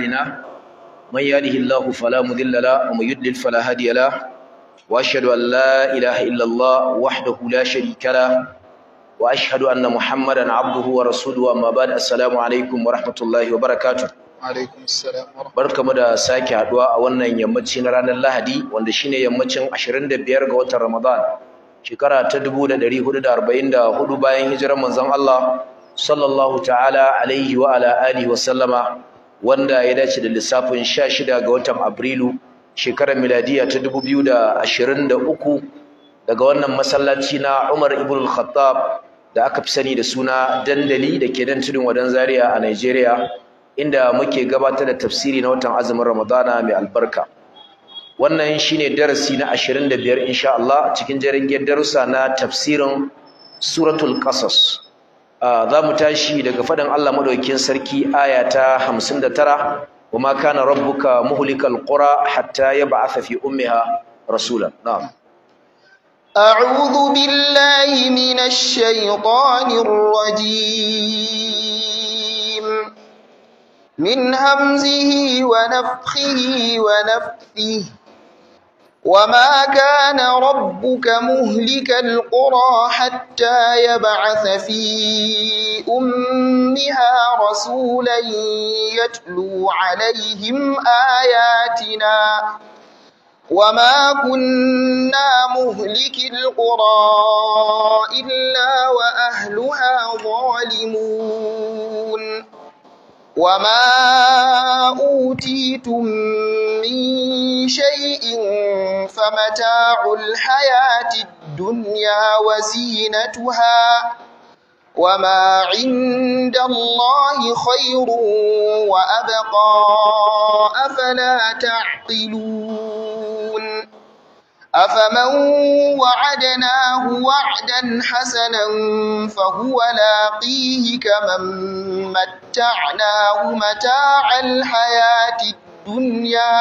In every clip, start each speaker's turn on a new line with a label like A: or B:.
A: علينا من يهده الله فلا مضل له ومن يضلل فلا هادي له واشهد ان لا اله الا الله وحده لا شريك له واشهد ان محمدا عبده ورسوله وما بعد السلام عليكم ورحمه الله وبركاته alaikum salam barkamu da sake haɗuwa a wannan yammaci na ranar Lahadi wanda shine yammacin 25 ga watan Ramadan shekara ta 1444 bayan hijirar manzon Allah sallallahu ta'ala alaihi wa ala alihi wa sallama wanda ya dace da lissafin 16 ga watan Abrilu shekarar miladiya ta 2023 daga wannan masallaci na Umar ibn al-Khattab da aka fi sani da suna dandali da ke nan tudun wadan Zaria a Nigeria inda muke gabatar da tafsiri na watan azumin Ramadana mai albarka wannan shine darasi na 25 insha Allah cikin jiragen darussa na tafsirin suratul qasas za mu tashi daga faɗin Allah maɗaukin sarki aya ta hamsin da tara wa ma kana rabbuka muhlikal ƙura, hatta ya fi ummiha rasula na'am
B: a'udhu billahi minash shaytanir rajim min hamzihi wa nafthihi wa nafthihi وما كان ربك مهلك القرى حتى يبعث في أمها رسولا يتلو عليهم آياتنا وما كنا مهلك القرى إلا وأهلها ظالمون وما أوتيتم من شيء فمتاع الحياة الدنيا وزينتها وما عند الله خير وأبقى أفلا تعقلون أفمن وعدناه وعدا حسنا فهو لاقيه كمن متعناه متاع الحياة الدنيا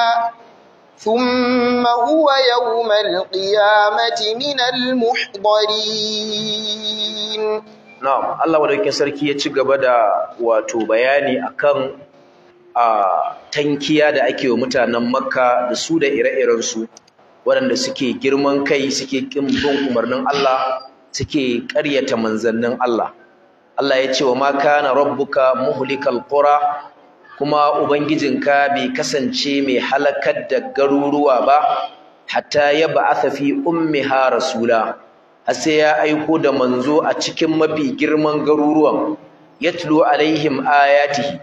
B: ثم هو يوم القيامة من المحضرين
A: نعم الله ودكين سركي يتشغب دا واتو بياني أكام tankiya دا أكيو متى نمكا دسودة da su waɗanda suke girman kai suke ƙin bin umarnin Allah suke ƙaryata manzannin Allah Allah ya ce wa ma kana rabbuka muhlikal qura kuma ubangijinka bai kasance mai halakar da garuruwa ba hatta ya ba'atha fi ummiha rasula asa sai ya aiko da manzo a cikin mafi girman garuruwan yatlu alaihim ayatihi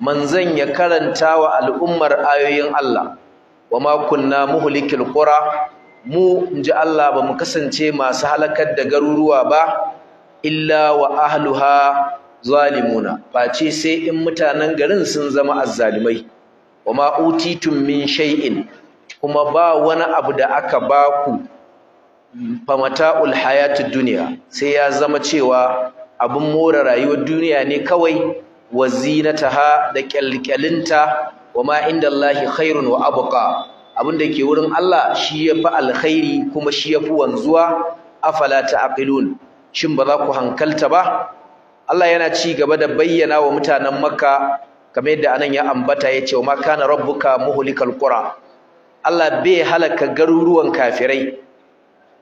A: manzon ya karanta wa al'ummar ayoyin Allah wa ma kunna muhlikil qura mu inji Allah ba mu kasance masu halakar da garuruwa ba illa wa ahluha zalimuna face sai in mutanen garin sun zama azzalimai wa ma utitum min shay'in kuma ba wani abu da aka ba ku famata'ul hayatid dunya sai ya zama cewa abun more rayuwar duniya ne kawai wazinataha da kyalkyalinta wama indallahi khairun wa abuka abinda ke wurin Allah shi yafi alkhairi kuma shi yafi wanzuwa afala ta'qilun shin ba za ku hankalta ba Allah yana ci gaba da bayyana wa mutanen Makka kamar yadda anan ya ambata yace wa ma kana rabbuka muhlikal kura?" Allah bai halaka garuruwan kafirai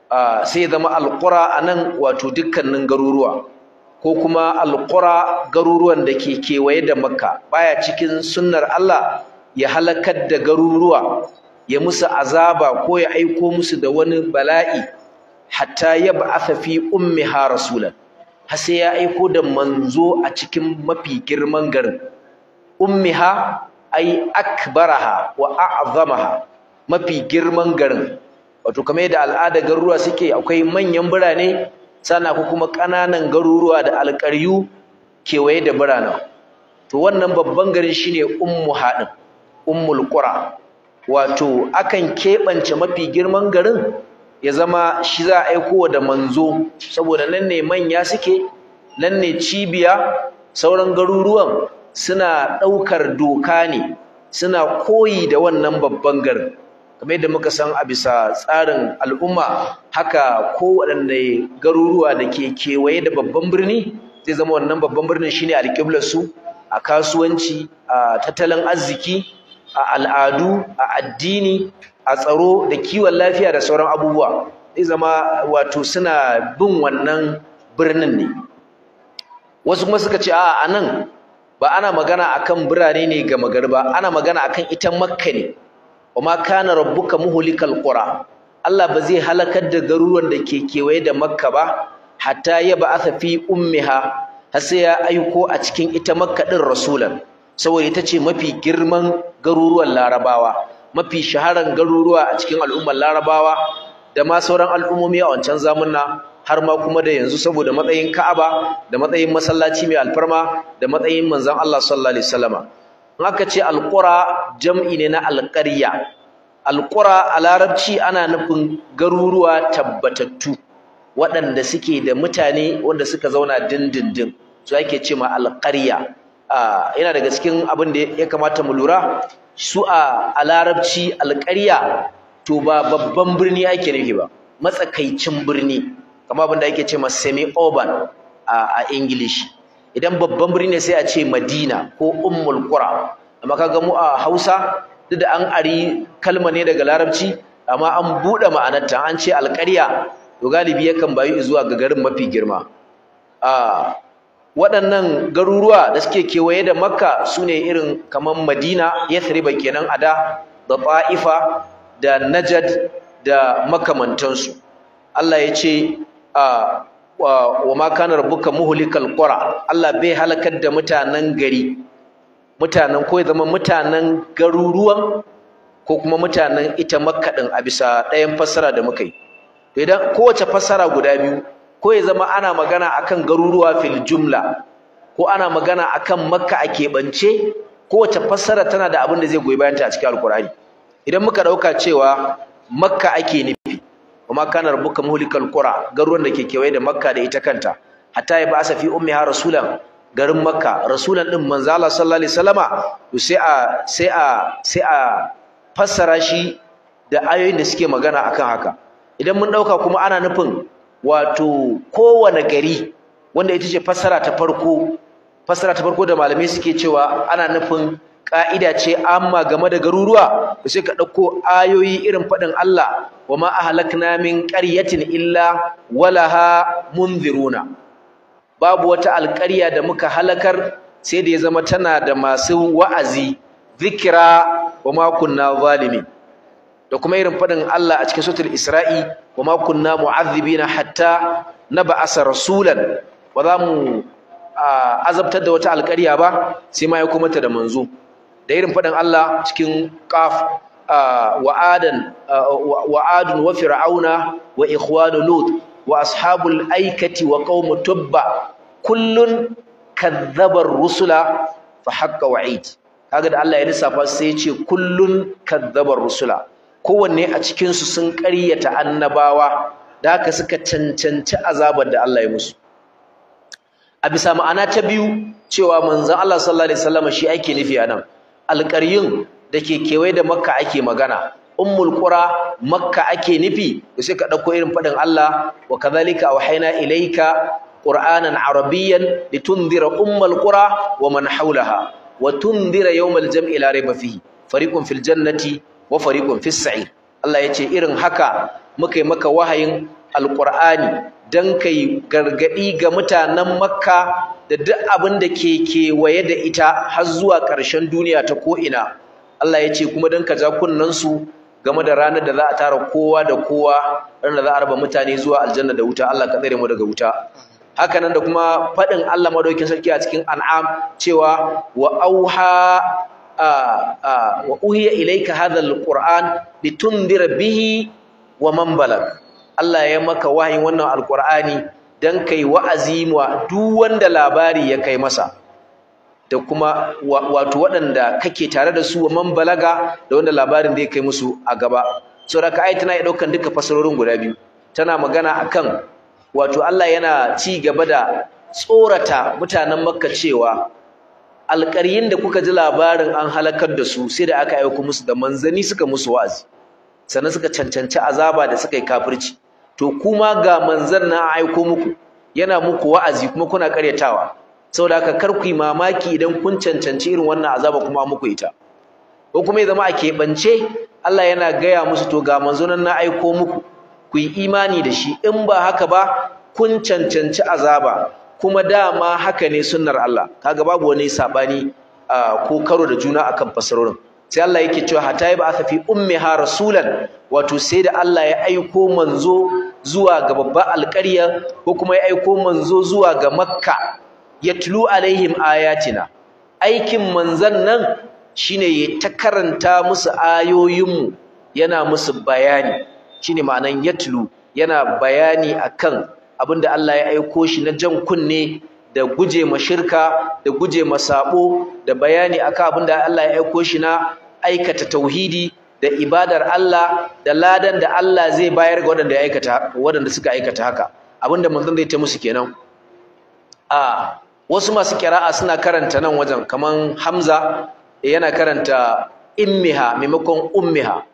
A: ah, sai zama alqura anan wato dukkanin garuruwa ko kuma alƙura garuruwan da ke kewaye da makka baya cikin sunnar Allah ya halakar da garuruwa ya musu azaba ko ya aiko musu da wani bala'i hatta ba'atha fi ummiha rasulan har sai ya aiko da manzo a cikin mafi girman garin ummiha ai akbaraha wa a'zamaha mafi girman garin wato kamar yadda al'ada garuruwa suke akwai manyan birane sana ku kuma ƙananan garuruwa da alƙaryu kewaye da biranen to wannan babban garin shine ummu haɗin ummul qura wato akan keɓance mafi girman garin ya zama shi za a aiko da manzo saboda nan ne manya suke nan ne cibiya sauran garuruwan suna ɗaukar doka ne suna koyi da wannan babban garin kamar yadda muka san a bisa tsarin al'umma haka kowaɗanne garuruwa da ke kewaye da babban birni zai zama wannan babban birnin shine alƙiblarsu a kasuwanci a tattalin arziki a al'adu a addini a tsaro da kiwon lafiya da sauran abubuwa zai zama wato suna bin wannan birnin ne wasu kuma suka ce a anan ba ana magana akan birane ne ga magarba ana magana akan ita makka ne wama kana rabbuka muhlikal qura Allah ba zai halakar da garuruwan da ke kewaye da Makka ba hatta ya ba'atha fi ummiha har sai ya aiko a cikin ita Makka din rasulan saboda ita ce mafi girman garuruwan Larabawa mafi shaharan garuruwa a cikin al'ummar Larabawa da ma sauran al'ummomi a wancan zamanna har ma kuma da yanzu saboda matsayin Ka'aba da matsayin masallaci mai alfarma da matsayin manzon Allah sallallahu alaihi wasallama in aka ce alqura jam'i ne na alqarya alƙura a larabci ana nufin garuruwa tabbatattu waɗanda suke da mutane wanda suka zauna dindindin su ake ce ma alqarya yana daga cikin abin da ya kamata mu lura su a larabci alƙarya to ba babban birni ake nufi ba matsakaicin birni kamar abin da ake ce ma semi urban a Ingilishi. idan babban birni ne sai a ce madina ko ummul qura amma kaga mu a hausa duk da an ari kalma ne daga larabci amma an buɗe ma'anarta an ce alƙarya to galibi yakan bayu zuwa ga garin mafi girma a waɗannan garuruwa da suke kewaye da makka sune irin kamar madina yathriba kenan a da ta'ifa da najad da makamantansu allah ya ce a wa ma kana rabbuka muhlikal qura Allah bai halakar da mutanen gari mutanen ko ya zama mutanen garuruwan ko kuma mutanen ita makka din a bisa ɗayan fassara da muka yi idan kowace fassara guda biyu ko ya zama ana magana akan garuruwa fil jumla ko ana magana akan makka a keɓance kowace fassara tana da abin da zai goyi bayanta a cikin alkur'ani idan muka ɗauka cewa makka ake nufi kuma kana rabbuka muhlikal qura garuwan da ke kewaye da makka da ita kanta hatta ya ba'asa fi ummiha rasulan garin makka rasulan din manzo Allah sallallahu alaihi wasallama sai a sai a sai a fassara shi da ayoyin da suke magana akan haka idan mun dauka kuma ana nufin wato kowane gari wanda ita ce fassara ta farko fassara ta farko da malamai suke cewa ana nufin ƙa'ida ce amma game da garuruwa to sai ka ɗauko ayoyi irin faɗin Allah wa ma ahlakna min ƙaryatin illa walaha munziruna babu wata alƙarya da muka halakar sai da ya zama tana da masu wa'azi zikira wa ma kunna zalimi da kuma irin faɗin Allah a cikin suratul Isra'i wa ma kunna na hatta nab'asa rasulan ba za mu azabtar da wata alƙarya ba sai ma ya kuma ta da manzo da irin faɗin Allah cikin qaf wa'adun wa fir'auna wa ikhwanu lut wa ashabul aikati wa qaumu tubba kullun kadzabar rusula fa haƙƙa wa'id kaga da Allah ya lissafa sai ya ce kullun kadzabar rusula kowanne a cikinsu sun ƙaryata annabawa da haka suka cancanci azabar da Allah ya musu a bisa ma'ana ta biyu cewa manzan Allah sallallahu alaihi wasallam shi ake nufi anan alƙaryun da ke kewaye da makka ake magana ummul qura makka ake nufi to sai ka dauko irin fadin Allah wa kadhalika awhayna ilayka qur'anan arabiyyan litunzira ummul qura wa man hawlaha wa tundira yawmal jam'i la rayba fihi fariqun fil jannati wa fariqun fis sa'ir Allah yace irin haka muka yi maka wahayin alqur'ani Dan kai gargaɗi ga mutanen makka da duk abin da ke kewaye da ita har zuwa ƙarshen duniya ta ko'ina Allah ya ce kuma don ka ja su game da ranar da za a tara kowa da kowa ranar da za a raba mutane zuwa aljanna da wuta Allah ka tsare mu daga wuta haka nan da kuma faɗin Allah madaukin sarki a cikin an'am cewa wa auha wa uhiya ilayka hadha alquran litundira bihi wa man balagh Allah ya maka wahayin wannan alkur'ani dan kai wa'azi wa duk wanda labari ya kai masa da kuma wato waɗanda kake tare da su wa man balaga da wanda labarin zai kai musu a gaba saboda ka tana tana ɗaukan duka fasarorin guda biyu tana magana akan wato Allah yana ci gaba da tsorata mutanen Makka cewa alƙaryin da kuka ji labarin an halakar da su sai da aka aiko musu da manzani suka musu wa'azi sannan suka cancanci azaba da suka yi kafirci to kuma ga manzon na aiko muku yana muku wa'azi kuma kuna karyatawa saboda haka kar ku yi mamaki idan kun cancanci irin wannan azaba kuma muku ita ko kuma ya zama a keɓance Allah yana gaya musu to ga manzo na aiko muku ku yi imani da shi in ba haka ba kun cancanci azaba kuma dama haka ne sunnar Allah kaga babu wani sabani ah, ko karo da juna akan fasarorin sai Allah yake cewa hatta a safi fi ummiha rasulan wato sai da Allah ya aiko manzo zuwa ga babban alƙarya ko kuma ya aiko manzo zuwa ga Makka ya tulu alaihim ayatina aikin manzan nan shine ya ta karanta musu ayoyinmu yana musu bayani shine ma'anan ya tulu yana bayani akan abinda Allah ya aiko shi na jan kunne da guje ma shirka da guje ma sabo da bayani akan abinda Allah ya aiko shi na aikata tauhidi da ibadar Allah da ladan da Allah zai bayar ga waɗanda aikata waɗanda suka aikata haka abinda manzon zai ta musu kenan a wasu masu kira'a suna karanta nan wajen kaman Hamza eh, yana karanta immiha maimakon ummiha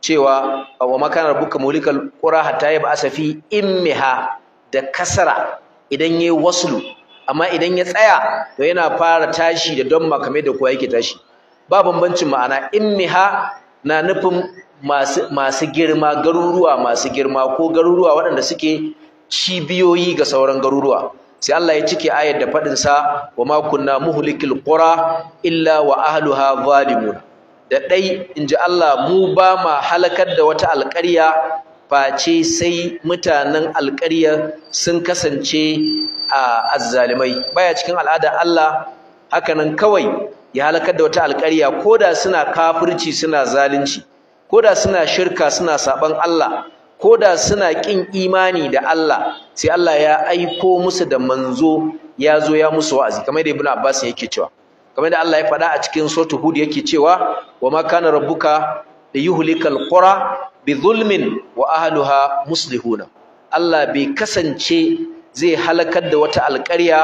A: cewa wa makana rabbuka mulikal qura hatta yab asafi immiha da kasara idan yayi waslu amma idan ya tsaya to yana fara tashi da don makamai da kowa yake tashi ba bambancin ma'ana immiha na nufin masu girma garuruwa masu girma ko garuruwa waɗanda suke cibiyoyi ga sauran garuruwa sai Allah ya cike ayar da faɗinsa wa ma kunna muhlikil qura illa wa ahluha zalimun da dai inji Allah mu ba ma halakar da wata alƙarya face sai mutanen alƙarya sun kasance a azzalimai baya cikin al'ada Allah hakanan kawai ya halakar da wata alƙarya da suna kafirci suna zalunci ko da suna shirka suna saban Allah ko da suna ƙin imani da Allah sai Allah ya aiko musu da manzo ya zo ya musu wa'azi kamar da Ibn Abbas yake cewa kamar da Allah ya faɗa a cikin suratul Hud yake cewa wa ma kana rabbuka yuhlikal qura bi zulmin wa ahluha muslihuna Allah bai kasance zai halakar da wata alƙarya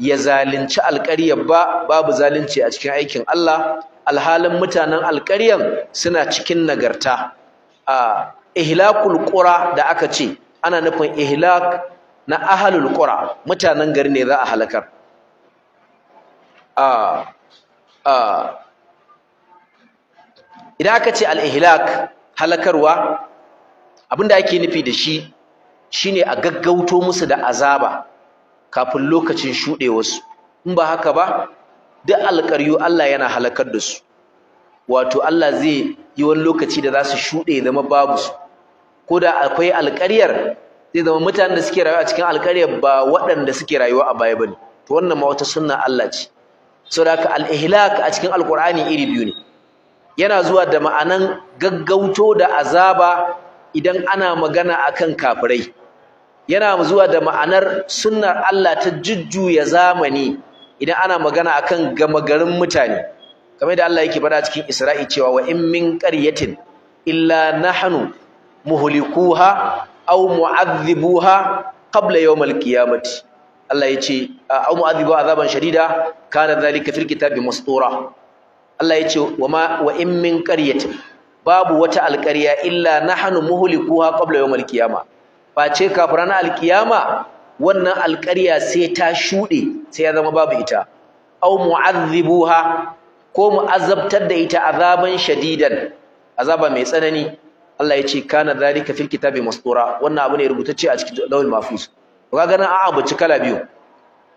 A: ya zalunci alƙaryar ba babu zalunci a cikin aikin Allah alhalin mutanen alƙaryar suna cikin nagarta a ihlakul qura da aka ce ana nufin ihlak na ahlul qura mutanen gari ne za a halakar a a idan aka ce al-ihlak halakarwa abinda ake nufi da shi shine a gaggauto musu da azaba kafin lokacin shuɗewarsu in ba haka ba duk alƙaryu Allah yana halakar da su wato Allah zai yi wani lokaci da za su shuɗe zama babu su ko da akwai alƙaryar zai zama mutanen da suke rayuwa a cikin alƙaryar ba waɗanda suke rayuwa a baya bane to wannan ma wata sunna Allah ce saboda haka al-ihlak a cikin alƙur'ani iri biyu ne yana zuwa da ma'anan gaggauto da azaba idan ana magana akan kafirai yana zuwa da ma'anar sunnar Allah ta jujjuya zamani idan ana magana akan gama garin mutane kamar da Allah yake faɗa cikin Isra'i cewa wa in min qaryatin illa nahnu muhlikuha aw mu'adhibuha qabla yawm al-qiyamati Allah yace aw mu'adhibuha azaban shadida kana dhalika fil kitabi mastura Allah yace wa ma wa in min qaryatin babu wata alƙarya illa nahnu muhlikuha qabla yawm al-qiyamah face kafin na alkiyama wannan alƙarya sai ta shuɗe sai ya zama babu ita au mu'azzibuha ko mu azabtar da ita azaban shadidan azaba mai tsanani Allah ya ce kana zalika fil kitabi mastura wannan abu ne rubutacce a cikin lawul mafus ga nan a'a bace kala biyu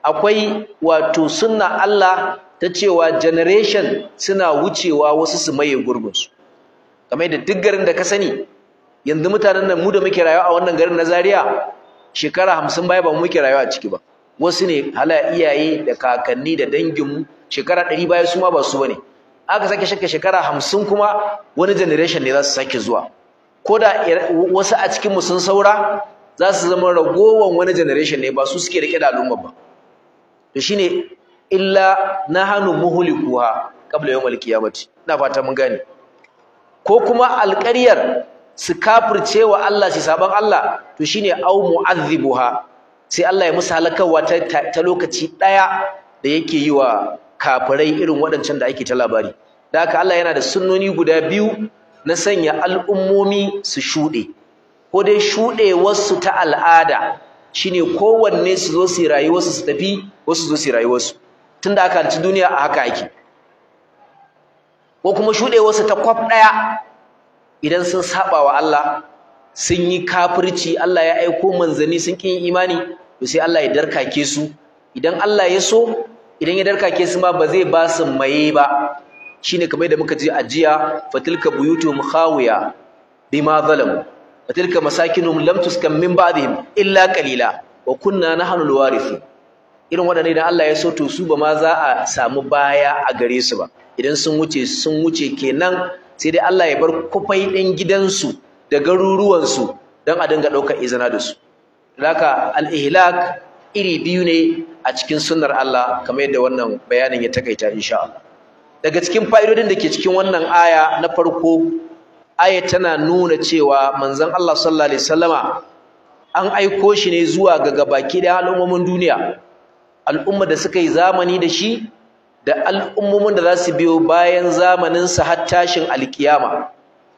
A: akwai wato sunna Allah ta cewa generation suna wucewa wasu su maye gurgunsu kamar da duk garin da ka sani yanzu mutanen nan mu da muke rayuwa a wannan garin na Zaria shekara hamsin baya ba mu muke rayuwa a ciki ba wasu ne hala iyaye da kakanni da danginmu shekara ɗari baya su ma ba su bane aka sake shakka shekara hamsin kuma wani generation ne za su sake zuwa ko da wasu a cikinmu sun saura za su zama ragowan wani generation ne ba su suke riƙe da al'umma ba to shine illa nahanu muhlikuha qabla yawm al-qiyamati ina fata mun gane ko kuma alƙaryar su kafirce Allah su saban Allah to shine au mu'adhibuha sai Allah ya musu halakarwa ta, ta, lokaci daya da yake yi wa kafirai irin waɗancan da ake ta labari da haka Allah yana da sunnoni guda biyu na sanya al'ummomi su shuɗe ko dai shuɗewarsu ta al'ada shine kowanne su zo su rayuwarsu su tafi wasu zo su rayuwarsu tunda aka halci duniya a haka ake ko kuma shuɗewarsu ta kwaf ɗaya idan sun saba wa Allah sun yi kafirci Allah ya aiko manzanni sun ƙi imani to sai Allah ya darkake su idan Allah ya so idan ya darkake su ma ba zai ba su maye ba shine kamar da muka ji ajiya, fatilka Buyutu, khawiya bima zalamu fatilka masakinum lam tuskam min ba'dihim illa qalila wa kunna nahnu alwarithin irin waɗannan idan Allah ya so to su ba ma za a samu baya a gare su ba idan sun wuce sun wuce kenan sai dai Allah ya bar kufai ɗin gidansu da garuruwansu don a dinga ɗaukar izina da su laka al-ihlak iri biyu ne a cikin sunar Allah kamar yadda wannan bayanin ya takaita insha Allah daga cikin fa'idodin da ke cikin wannan aya na farko aya tana nuna cewa manzan Allah sallallahu alaihi an aiko shi ne zuwa ga gabaki da al'ummomin duniya al'umma da suka yi zamani da shi da al'ummomin da za su biyo bayan zamaninsa har tashin alkiyama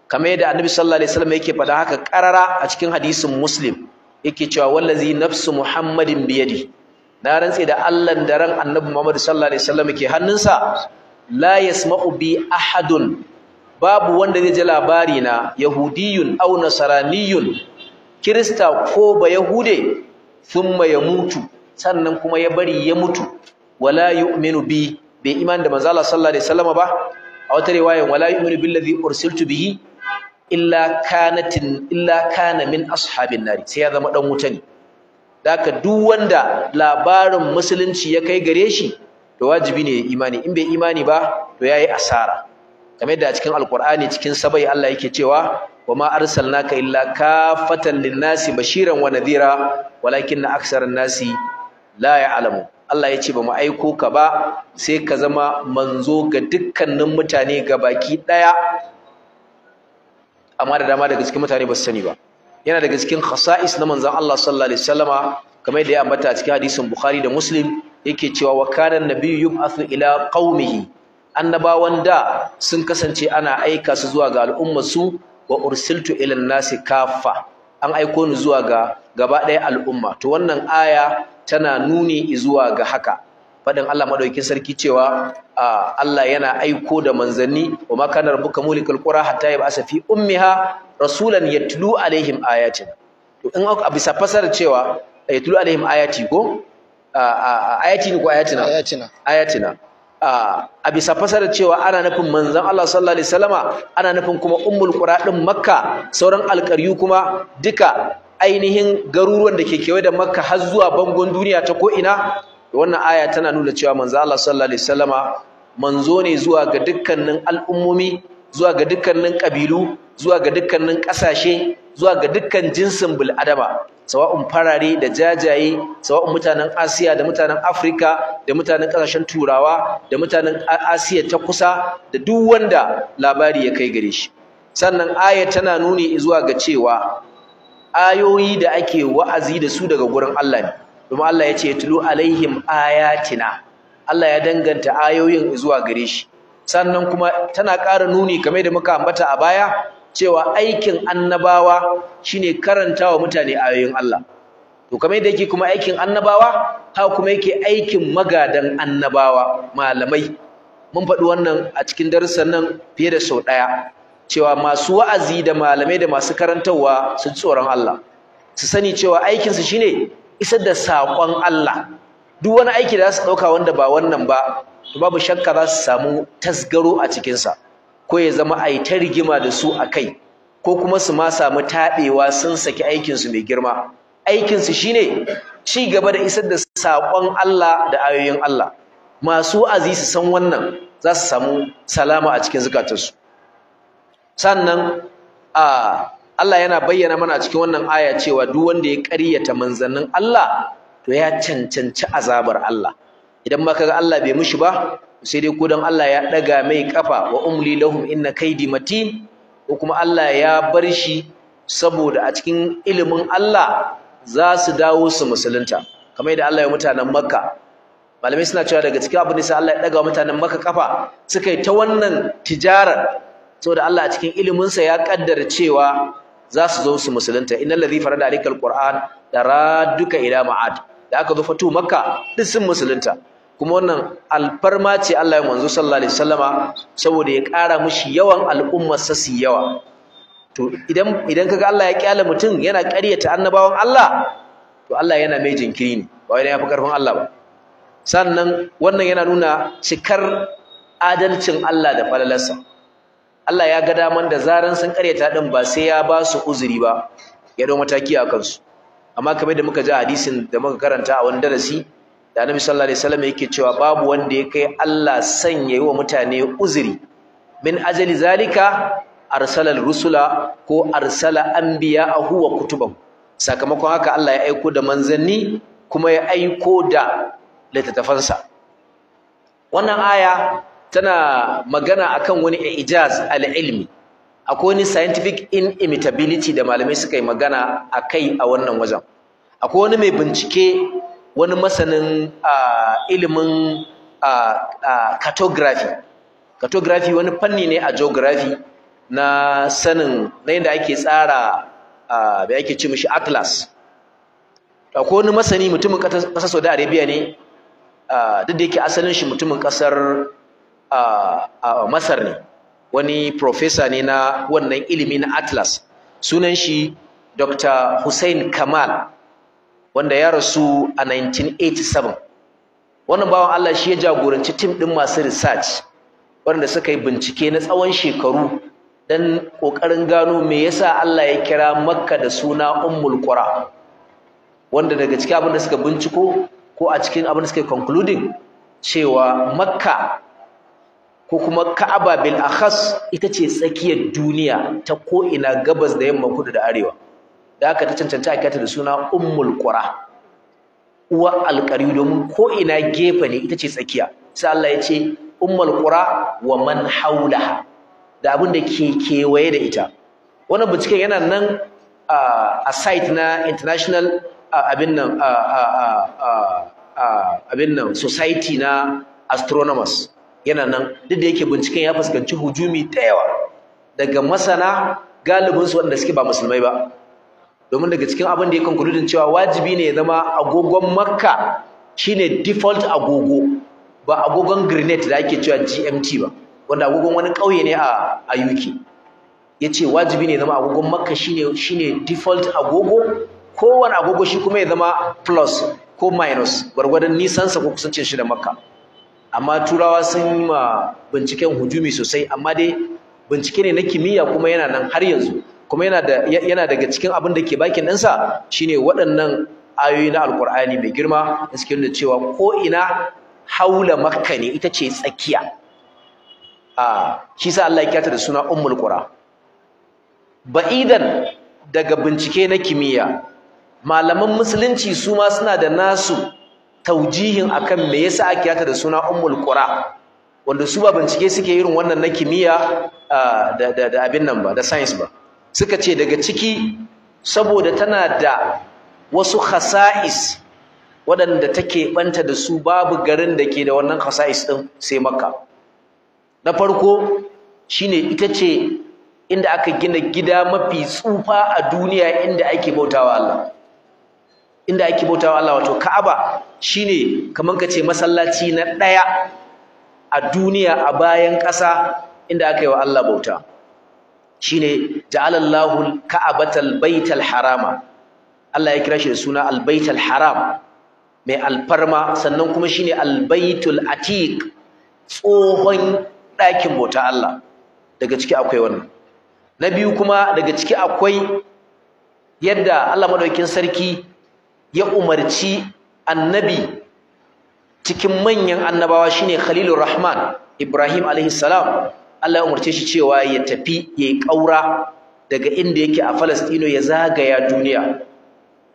A: kamar yadda annabi sallallahu alaihi wasallam yake faɗa haka ƙarara a cikin hadisin muslim yake cewa wallazi nafsu muhammadin biyadi na rantse da Allah da ran annabi Muhammad sallallahu alaihi wasallam yake hannunsa la yasma'u bi ahadun babu wanda zai ji labari na yahudiyun aw nasaraniyun kirista ko ba yahude thumma mutu sannan kuma ya bari ya mutu wala yu'minu bi bai imani da manzo sallallahu alaihi wasallam ba a wata riwayar wala yu'minu billazi ursiltu bihi illa kanatin illa kana min ashabin nari sai ya zama dan wuta ne daka duk wanda labarin musulunci ya kai gare shi to wajibi ne imani in bai imani ba to yayi asara kamar yadda a cikin alqur'ani cikin sabai Allah yake cewa wama arsalnaka illa kafatan linnasi bashiran wa nadhira walakinna aksara nasi la Allah ya ce ba mu aiko ka ba sai ka zama manzo ga dukkanin mutane ga baki ɗaya amma da dama daga cikin mutane ba su sani ba yana daga cikin khasa'is na manzon Allah sallallahu alaihi wasallama kamar da ya ambata cikin hadisin Bukhari da Muslim yake cewa wa kana nabiyyu yub'athu ila qaumihi annabawan da sun kasance ana aika su zuwa ga al'ummar su wa ursiltu ila nasi kaffa an aiko ni zuwa ga gaba ɗaya al'umma to wannan aya tana nuni zuwa ga haka faɗin Allah madaukakin sarki cewa Allah yana aiko da manzanni wa ma kana rabbuka mulikal qura hatta yab'asa fi ummiha rasulan yatlu alaihim ayati to in a bisa fasar cewa yatlu alaihim ayati ko ayati ne ko ayatina ayatina ayatina a bisa fasarar cewa ana nufin manzon Allah sallallahu alaihi wasallama ana nufin kuma ummul qura makka sauran alkaryu kuma duka ainihin garuruwan da ke kewaye da makka har zuwa bangon duniya ta ko ina wannan aya tana nuna cewa manzon Allah sallallahu alaihi wasallama manzo ne zuwa ga dukkanin al'ummomi zuwa ga dukkanin ƙabilu zuwa ga dukkanin ƙasashe zuwa ga dukkan jinsin bil'adama sawa'un farare da jajaye sawa'un mutanen Asiya da mutanen Afirka, da mutanen kasashen Turawa da mutanen Asiya ta kusa da duk wanda labari ya kai gare shi sannan aya tana nuni zuwa ga cewa ayoyi da ake wa'azi da su daga gurin Allah ne domin Allah ya ce tulu alaihim ayatina Allah ya danganta ayoyin zuwa gare shi sannan kuma tana ƙara nuni kamar da muka ambata a baya cewa aikin annabawa shine karanta wa mutane ayoyin Allah to kamar yadda yake kuma aikin annabawa ha kuma yake aikin magadan annabawa malamai mun faɗi wannan a cikin darussan nan fiye da sau ɗaya cewa masu wa'azi da malamai da masu karantarwa su tsoron Allah su sani cewa aikinsu shine isar da saƙon Allah duk wani aiki da za su ɗauka wanda ba wannan ba to babu shakka za su samu tasgaro a cikinsa ko ya zama a yi ta rigima da su a kai ko kuma su ma samu taɓewa sun saki aikinsu mai girma aikinsu shine ci gaba da isar da saƙon Allah da ayoyin Allah masu wa'azi su san wannan za su samu salama a cikin zukatarsu sannan Allah yana bayyana mana a cikin wannan aya cewa duk wanda ya ƙaryata manzannin Allah to ya cancanci azabar Allah idan ka kaga Allah bai mushi ba sai dai kudan Allah ya daga mai kafa wa umli lahum inna kaidi matin ko kuma Allah ya bar shi saboda a cikin ilimin Allah za su dawo su musulunta kamar yadda Allah ya mutanen Makka malamai suna cewa daga cikin abin da Allah ya daga mutanen Makka kafa suka yi ta wannan tijarar saboda Allah a cikin ilimin sa ya kaddara cewa za su zo su musulunta innal ladhi farada alaikal qur'an da ila ma'ad da aka zo fatu Makka duk sun musulunta kuma wannan alfarma ce Allah ya manzo sallallahu alaihi wasallama saboda ya ƙara mushi yawan al'ummar sa su yawa to idan idan kaga Allah ya kyale mutum yana ƙaryata annabawan Allah to Allah yana mai jinkiri ne ba wai ya fi karfin Allah ba sannan wannan yana nuna cikar adalcin Allah da falalarsa Allah ya ga daman da zaran sun ƙaryata din ba sai ya ba su uzuri ba ya dau mataki a kansu amma kamar da muka ji hadisin da muka karanta a wani darasi da annabi sallallahu alaihi wasallam yake cewa babu wanda ya kai Allah sanya yi wa mutane uzuri min ajali zalika arsala rusula ko arsala a huwa kutubahu sakamakon haka Allah ya aiko da manzanni kuma ya aiko da littattafansa wannan aya tana magana akan wani ijaz al-ilmi akwai wani scientific inimitability da malamai suka yi magana akai a wannan wajen akwai wani mai bincike wani masanin ilimin cartography cartography wani fanni ne a geography na sanin na yadda ake tsara da ake ce mishi atlas akwai wani masani mutumin ƙasar saudi arabia ne duk da yake asalin shi mutumin ƙasar masar ne wani profesa ne na wannan ilimi na atlas sunan shi dr hussein kamal wanda ya rasu a 1987 wannan bawan Allah shi ya jagoranci tim din masu research wanda suka yi bincike na tsawon shekaru dan kokarin gano me yasa Allah ya kira Makka da suna Ummul Qura wanda daga cikin abin da suka binciko ko a cikin abin da suka concluding cewa Makka ko kuma Ka'aba bil akhas ita ce tsakiyar duniya ta ko ina gabas da yamma kudu da arewa da aka ta cancanta a kyata da suna ummul qura uwa alqari domin ko ina gefe ne ita ce tsakiya sai Allah ya ce ummul qura wa man haulaha da abin da ke kewaye da ita wannan binciken yana nan a site na international abin nan abin nan society na astronomers yana nan duk da yake binciken ya fuskanci hujumi ta yawa daga masana galibinsu waɗanda suke ba musulmai ba domin daga cikin abin da ya konkludin cewa wajibi ne ya zama agogon makka shine default agogo ba agogon grenade da ake cewa gmt ba wanda agogon wani ƙauye ne a uk ya ce wajibi ne ya zama agogon makka shi shine default agogo kowane agogo shi kuma ya zama plus ko minus gwargwadon nisansa ko kusancin shi da makka amma turawa sun yi ma binciken hujumi sosai amma dai bincike ne na kimiyya kuma yana nan har yanzu kuma yana da yana daga cikin abin da ke bakin ɗinsa shine waɗannan ayoyi na alkur'ani mai girma da suke nuna cewa ko ina haula makka ne ita ce tsakiya a shi sa Allah ya kyata da suna ummul qura ba'idan daga bincike na kimiyya malaman musulunci su ma suna da nasu taujihin akan me yasa ake kyata da suna ummul qura wanda su ba bincike suke irin wannan na kimiyya da abin nan ba da science ba suka ce daga ciki saboda tana da wasu khasa'is waɗanda take ɓanta da su babu garin da ke da wannan khasa'is ɗin sai makka na farko shine ita ce inda aka gina gida mafi tsufa a duniya inda ake bautawa Allah inda ake bautawa Allah wato Ka'aba shine kaman ka ce masallaci na ɗaya a duniya a bayan ƙasa inda aka yi wa Allah bauta shine ja'alallahu ka'abatal baital harama Allah ya kira shi da suna albaital haram mai alfarma sannan kuma shine albaitul atiq tsohon ɗakin bauta Allah daga ciki akwai wannan na biyu kuma daga ciki akwai yadda Allah madaukakin sarki ya umarci annabi cikin manyan annabawa shine Khalilur Rahman Ibrahim alaihi salam Allah ya umarce shi cewa ya tafi ya yi ƙaura daga inda yake a Falastino ya zagaya duniya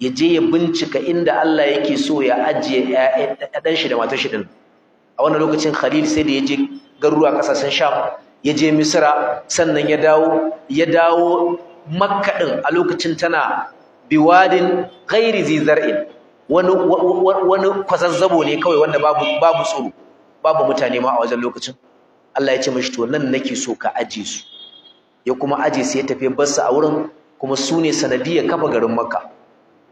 A: ya je ya bincika inda Allah yake so ya ajiye ɗan shi da matar shi din a wannan lokacin Khalil sai da ya je garuruwa ƙasashen Sham ya je Misra sannan ya dawo ya dawo Makka din a lokacin tana biwadin ghairi zizar'in wani wani kwazazzabo ne kawai wanda babu babu tsoro babu mutane ma a wajen lokacin Allah ya ce mishi to nan nake so ka aje su ya kuma aje su ya tafi barsa a wurin kuma su ne sanadiyar kafa garin Makka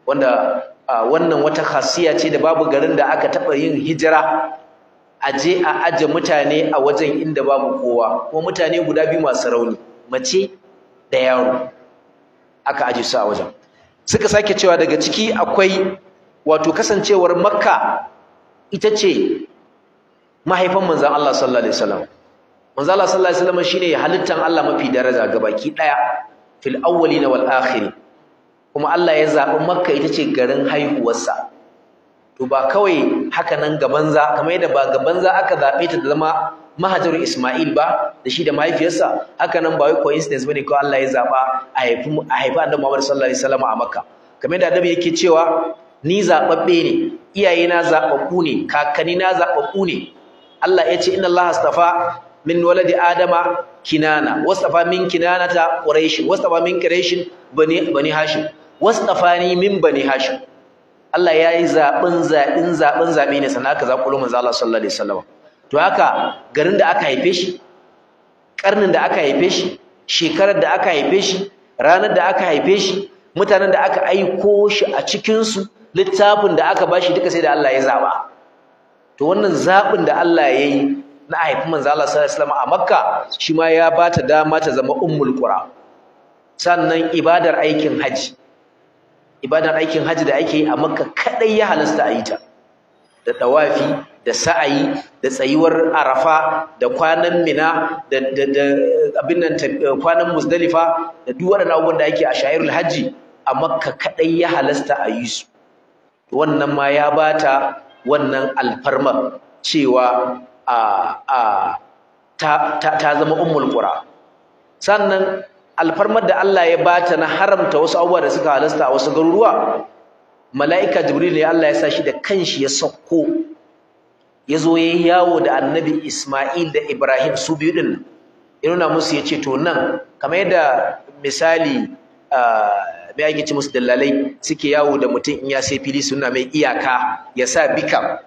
A: wanda wannan wata khasiya ce da babu garin da aka taɓa yin hijira a a aje mutane a wajen inda babu kowa ko mutane guda biyu masu rauni mace da yaro aka aje su a wajen suka sake cewa daga ciki akwai wato kasancewar makka ita ce mahaifan manzon Allah sallallahu alaihi wasallam manzo Allah sallallahu alaihi wasallam shine halittan Allah mafi daraja gabaki daya fil awwalina wal akhiri kuma Allah ya zabi Makka ita ce garin haihuwarsa to ba kawai haka nan gabanza za kamar yadda ba gabanza aka zabe ta da zama mahajar Isma'il ba da shi da mahaifiyarsa haka nan ba wai coincidence bane ko Allah ya zaba a haifi a haifi Annabi Muhammad sallallahu alaihi wasallam a Makka kamar yadda Annabi yake cewa ni zababbe ne iyayena zababbu ne kakanni na zababbu ne Allah ya ce inna Allah astafa min waladi adama kinana wastafa min kinana ta quraish wastafa min quraish bani bani hashim wastafani min bani hashim Allah ya yi zaɓin zaɓin zaɓin zaɓe ne sannan aka zaƙulo manzo Allah sallallahu alaihi wasallam to haka garin da aka haife shi karnin da aka haife shi shekarar da aka haife shi ranar da aka haife shi mutanen da aka aiko shi a cikinsu littafin da aka bashi duka sai da Allah ya zaba to wannan zaɓin da Allah ya yi na a manzo Allah sallallahu alaihi wasallam a Makka shi ma ya bata dama ta zama ummul qura sannan ibadar aikin haji ibadar aikin haji da ake yi a Makka kadai ya halasta a yi ta da tawafi da sa'ayi da tsayuwar arafa da kwanan mina da abin nan eh, kwanan Muzdalifa da duk wannan abubuwan da ake a sha'irul hajji a makka kadai ya halasta a yi su wannan ma ya bata wannan alfarma cewa ta zama ummul qura sannan alfarmar da Allah ya bata na haramta wasu abubuwa da suka halasta a wasu garuruwa mala'ika jibril ne Allah ya sa shi da kan shi ya sauko ya zo ya yawo da annabi Ismail da Ibrahim su biyu din ya nuna musu ya ce to nan kamar yadda misali mai ake ci musu dalalai suke yawo da mutum in ya sai fili suna mai iyaka ya sa bikam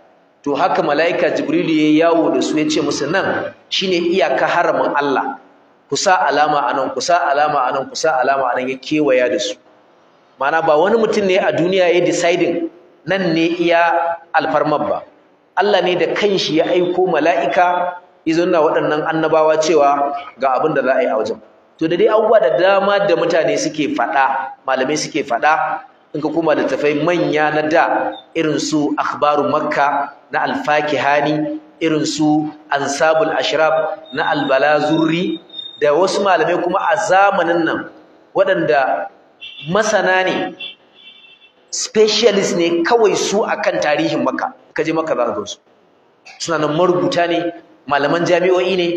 A: to haka mala'ika jibrilu ya yawo da su ya ce musu nan shine iyaka haramin Allah Kusa sa alama anan ku sa alama anan ku alama anan ya kewaya da su mana ba wani mutum ne a duniya ya deciding nan ne iya alfarmar ba Allah ne da kanshi ya aiko mala'ika na waɗannan annabawa cewa ga abin da za a yi a wajen to da dai abubuwa da dama da mutane suke faɗa malamai suke faɗa in ka koma littafai manya na da irin su akhbaru makka na alfakihani irin su ansabul ashraf na albalazuri da wasu malamai kuma a zamanin nan waɗanda masana ne specialist ne kawai su akan tarihin makka ka makka za ka su suna nan marubuta ne malaman jami'o'i ne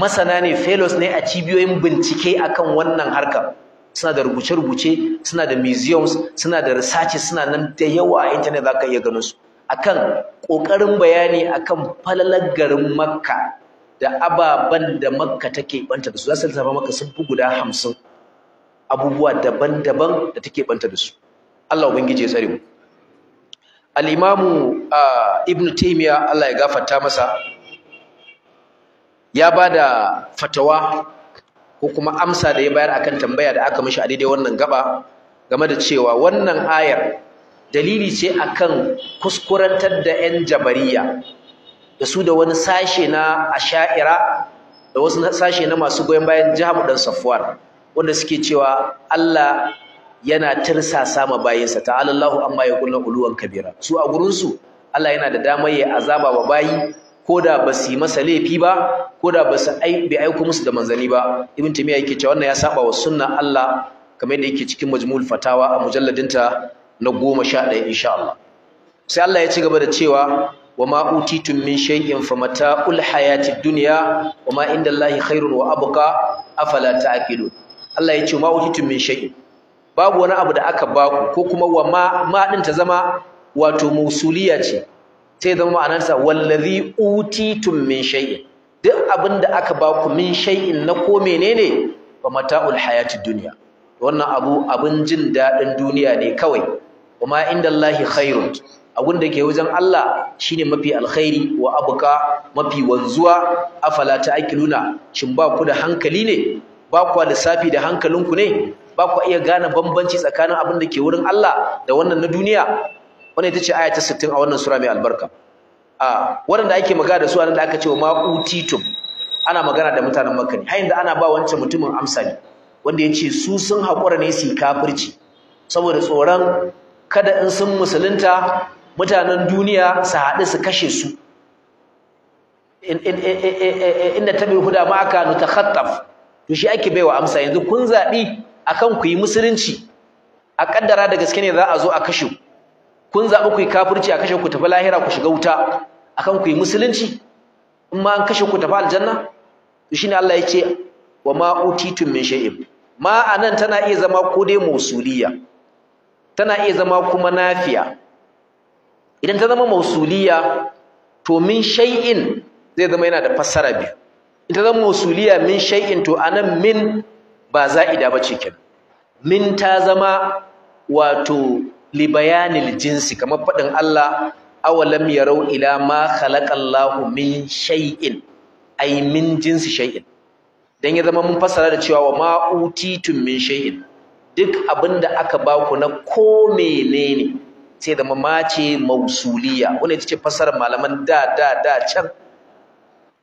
A: masana ne fellows ne a cibiyoyin bincike akan wannan harkar suna da rubuce-rubuce suna da museums suna da research suna nan da yawa a internet za ka iya ganin su akan ƙoƙarin bayani akan falalar garin makka da ababen da makka take banta da su za su lissafa maka sun fi guda hamsin abubuwa daban-daban da take banta da su Allah ubangiji ya tsare mu al ibn taymiya Allah ya gafarta masa ya bada fatawa ko kuma amsa da ya bayar akan tambaya da aka mishi a daidai wannan gaba game da cewa wannan ayar dalili ce akan kuskurantar da 'yan jabariya da su da wani sashe na asha'ira da wasu sashe na masu goyon bayan jihar dan safwar wanda suke cewa Allah yana tirsasa ma bayinsa ta'alallahu amma ya kullu uluwan kabira su a gurin su Allah yana da damar ya azaba wa bayi ko da ba su yi masa laifi ba ko da ba su bai aiko musu da manzani ba ibn taymiya yake cewa wannan ya saba wa sunna Allah kamar yadda yake cikin majmul fatawa a mujalladinta na goma sha ɗaya insha Allah sai Allah ya ci gaba da cewa wa ma utitum min shay'in fa mata'ul hayatid dunya wa ma inda Allah khairun wa abqa afala ta'qilu Allah ya ce ma utitum min shay'in babu wani abu da aka baku ko kuma wa ma ma ta zama wato Musuliya ce sai zama ma'anarsa wallazi utitum min shay'in duk abin da aka ba ku min shay'in na ko menene fa mata'ul hayati dunya wannan abu abin jin daɗin duniya ne kawai kuma inda Allahi khairun abin da ke wajen Allah shine mafi alkhairi wa abuka mafi wanzuwa afala ta'kiluna shin ba ku da hankali ne ba ku lissafi da hankalinku ne ba ku iya gane bambanci tsakanin abin da ke wurin Allah da wannan na duniya wannan ita ce aya ta 60 a wannan sura mai albarka a waɗanda ake magana da su anan aka ce wa maqutitum ana magana da mutanen Makka ne hayin da ana ba wancan mutumin amsa ne wanda yace su sun hakura ne su kafirci saboda tsoron kada in sun musulunta mutanen duniya su haɗu su kashe su inda tabi huda ma aka nutakhattaf to shi ake baiwa amsa yanzu kun zabi akan ku yi musulunci a kaddara da gaske ne za a zo a kashe ku kun zaɓi ku yi kafirci a kashe ku tafi lahira ku shiga wuta akan ku yi musulunci in ma an kashe ku tafi aljanna to shine Allah ya ce wa ma utitum min shay'in ma anan tana iya zama ko dai mausuliya tana iya zama kuma nafiya idan ta zama mausuliya to min shay'in zai zama yana da fassara biyu in ta zama mausuliya min shay'in to anan min ba za'ida bace kenan min ta zama wato li bayanil jinsi kamar faɗin Allah awalam yarau ila ma Allah min shay'in ay min jinsi shay'in dan ya zama mun fassara da cewa wa ma utitum min shay'in duk abinda aka ba ku na ko menene sai zama mace mausuliya wannan ita ce fassarar malaman da da da can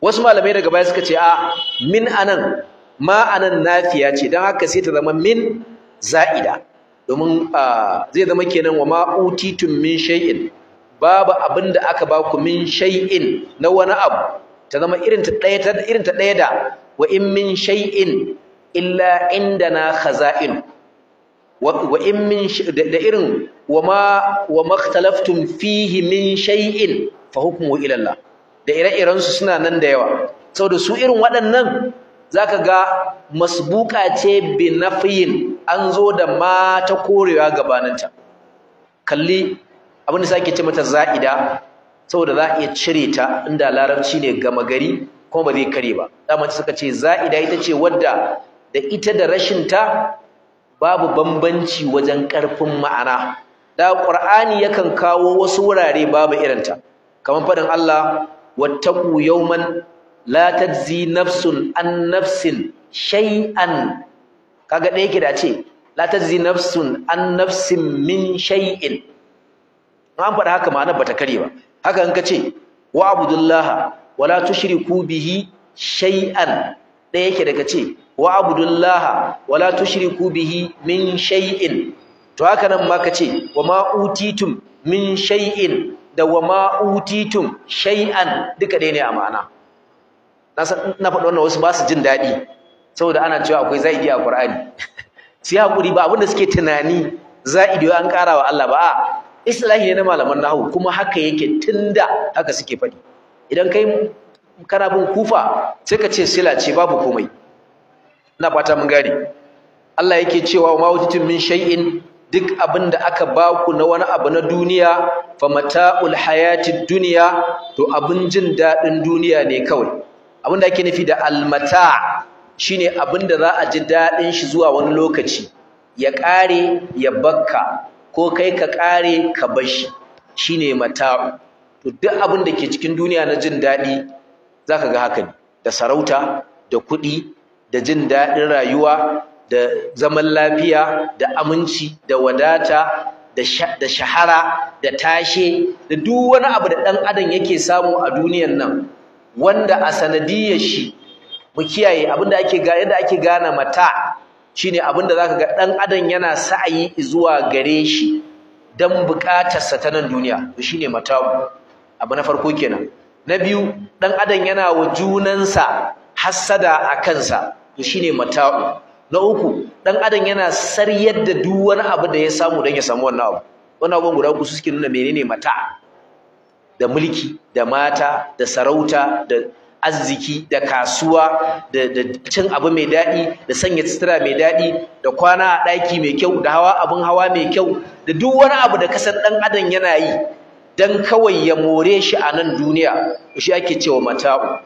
A: wasu malamai daga baya suka ce a min anan ma anan nafiya ce dan haka sai ta zama min za'ida domin zai zama kenan wa ma utitum min shay'in babu abin da aka ba ku min shay'in na wani abu ta zama irin ta ɗaya ta irin ta da wa in min shay'in illa indana khaza'in wa in min da irin wa ma wa makhtalaftum fihi min shay'in fa hukmuhu ila Allah da ire-iren su suna nan da yawa saboda su irin waɗannan zaka ga masbuka ce bi nafiyin an zo da mata korewa korewa gabaninta kalli abin da sake ce mata za'ida saboda za a iya cire ta inda larabci ne gama gari kuma ba zai kare ba dama suka ce za'ida ita ce wadda da ita da rashin ta babu bambanci wajen karfin ma'ana da qur'ani yakan kawo wasu wurare babu irin ta. kamar faɗin Allah wattaqu yawman la tajzi nafsun an nafsin shay'an kaga ɗaya ke da la tajzi nafsun an nafsin min shay'in an faɗa haka ma'ana bata kare ba haka in ka ce wa abudullaha wala tushriku bihi shay'an ɗaya yake daga ce wa abudullaha wala tushriku bihi min shay'in to haka nan ma ka ce wa ma utitum min shay'in da wa ma utitum shay'an duka ɗaya ne a ma'ana na faɗi wannan wasu ba su jin daɗi saboda ana cewa akwai za'idi a Qur'ani su yi hakuri ba abinda suke tunani za'idi an ƙara wa Allah ba islahi ne na malaman nahu kuma haka yake tunda haka suke faɗi idan kai kana kufa sai ka ce sila ce babu komai ina fata mun gane Allah yake cewa ma wajitun min shay'in duk abinda da aka baku na wani abu na duniya fa mata'ul hayatid duniya, to abin jin daɗin duniya ne kawai abin da ake nufi da almata shine abin da za a ji daɗin shi zuwa wani lokaci ya ƙare ya bakka ko kai ka ƙare ka bar shi shine mata'u to duk abin da ke cikin duniya na jin daɗi zaka ga haka ne da sarauta da kuɗi da jin daɗin rayuwa da zaman lafiya da aminci da wadata da shahara da tashe da duk wani abu da ɗan adam yake samu a duniyan nan wanda a sanadiyar shi mu kiyaye abinda ake ga yadda ake gane mata shine abinda zaka ga dan adam yana sa'ayi zuwa gare shi dan bukatarsa ta nan duniya to shine mata abu na farko kenan na biyu dan adam yana wa junansa hassada a kansa to shine mata na uku dan adam yana saryar da duk wani abu da ya samu dan ya samu wannan abu wannan abun guda uku suke nuna menene mata da mulki da mata da sarauta da arziki da kasuwa da cin abu mai daɗi da sanya sutura mai daɗi da kwana a ɗaki mai kyau da hawa abin hawa mai kyau da duk wani abu da kasan ɗan adam yana yi don kawai ya more shi a nan duniya shi ake cewa mata'u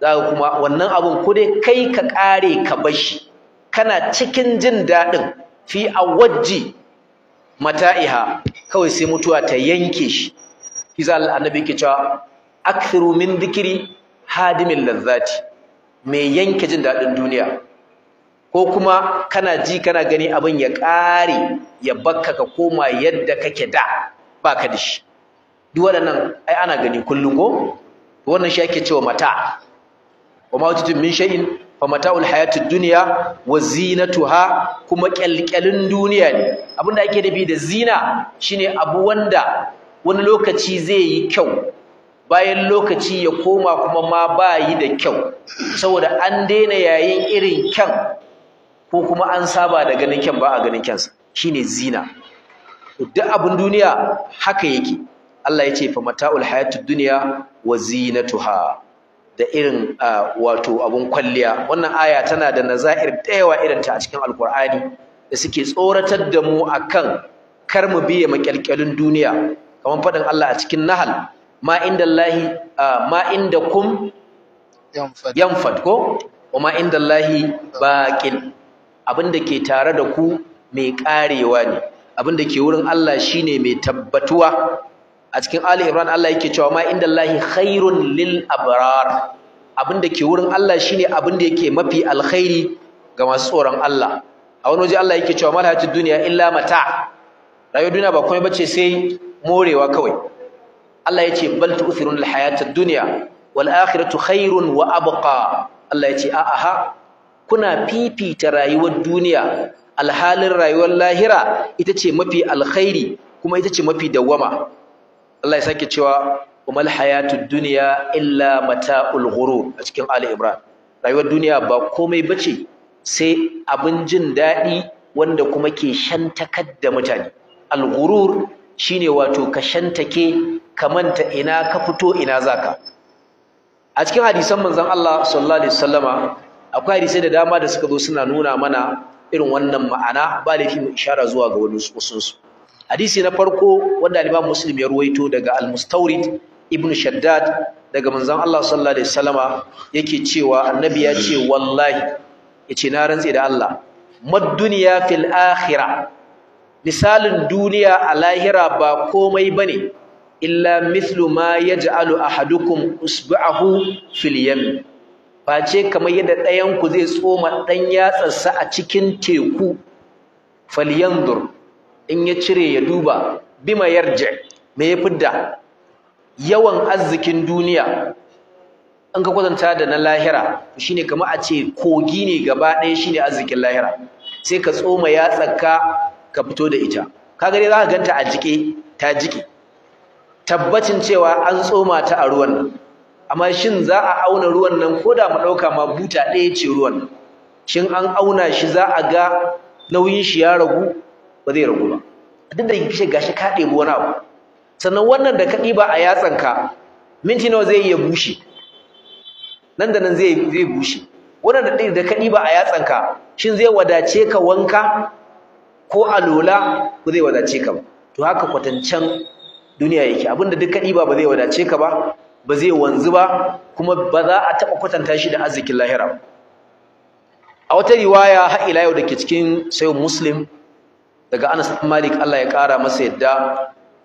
A: za ka kuma wannan abin ko dai kai ka ƙare ka bashi kana cikin jin daɗin fi wajji mata'iha kawai sai mutuwa ta yanke shi kisa annabi yake cewa akthiru min dhikri hadimin lazzati mai yanke jin daɗin duniya ko kuma kana ji kana gani abin ya ƙare ya bakka ka koma yadda kake da baka da shi duk waɗannan ai ana gani kullum ko wannan shi ake cewa mata wa ma wajidun min shay'in fa mata'ul hayatid dunya wa zinatuha kuma kyalkyalin duniya ne abinda ake dabi da zina shine abu wanda wani lokaci zai yi kyau bayan lokaci ya koma kuma ma ba yi da kyau saboda an daina yayin irin kyan ko kuma an saba da ganin kyan ba a ganin kyansa shine zina duk abin duniya haka yake Allah ya ce fa mata'ul hayatu dunya wa zinatuha da irin wato abun kwalliya wannan aya tana da nazair dayawa irin ta a cikin alqur'ani da suke tsoratar da mu akan kar mu biye makyalkyalin duniya kamar faɗin Allah a cikin nahal ma inda Allahi ma inda kum yanfad ko wa ma inda Allahi baqin abinda ke tare da ku mai karewa ne abinda ke wurin Allah shine mai tabbatuwa a cikin Ali Ibrahim Allah yake cewa ma inda Allahi khairun lil abrar abinda ke wurin Allah shine abinda yake mafi alkhairi ga masu tsoron Allah a wani waje Allah yake cewa malhatid duniya illa mata rayuwar duniya ba komai bace sai morewa kawai Allah ya ce bal tu'thirun al duniya, dunya wal akhiratu khairun wa abqa Allah ya ce a aha kuna fifita rayuwar duniya alhalin rayuwar lahira ita ce mafi alkhairi kuma ita ce mafi dawwama Allah ya sake cewa umal hayatu duniya illa mata ulguru a cikin Ali Imran rayuwar duniya ba komai bace sai abin jin daɗi wanda kuma ke shantakar da mutane al shine wato ka shantake ka manta ina ka fito ina zaka a cikin hadisan manzon Allah sallallahu alaihi wasallama akwai hadisai da dama da suka zo suna nuna mana irin wannan ma'ana ba fi mu ishara zuwa ga wani usunsu hadisi na farko wanda al-Imam Muslim ya ruwaito daga al-Mustawrid ibn Shaddad daga manzon Allah sallallahu alaihi wasallama yake cewa annabi ya ce wallahi yace na rantse da Allah mad duniya fil akhirah misalin duniya a lahira ba komai bane illa mithlu ma yaj'alu ahadukum usba'ahu fil yam face kamar yadda ɗayan ku zai tsoma ɗan yatsarsa a cikin teku falyanzur in ya cire ya duba bima yarji me ya fidda yawan arzikin duniya an ka kwatanta da na lahira shine kamar a ce kogi ne gaba ɗaya shine arzikin lahira sai ka tsoma yatsarka ka fito da ita kaga dai za ka ganta a jike ta jike tabbacin cewa an tsoma ta a ruwan nan amma shin za a auna ruwan nan ko da mu ɗauka ma buta ɗaya ce ruwan nan shin an auna shi za a ga nauyin shi ya ragu ba zai ragu ba duk da kishe gashi ka ɗebi wani abu sannan wannan da ka ɗiba a yatsanka minti nawa zai iya bushe nan da nan zai zai bushe wannan da da ka ɗiba a yatsanka shin zai wadace ka wanka ko alola ko zai wadace ka ba to haka kwatancan duniya yake abinda duk kadi ba ba zai wadace ka ba ba zai wanzu ba kuma ba za a taba kwatanta shi da arzikin lahira a wata riwaya har ila yau dake cikin sayyid muslim daga Anas bin Malik Allah ya kara masa yadda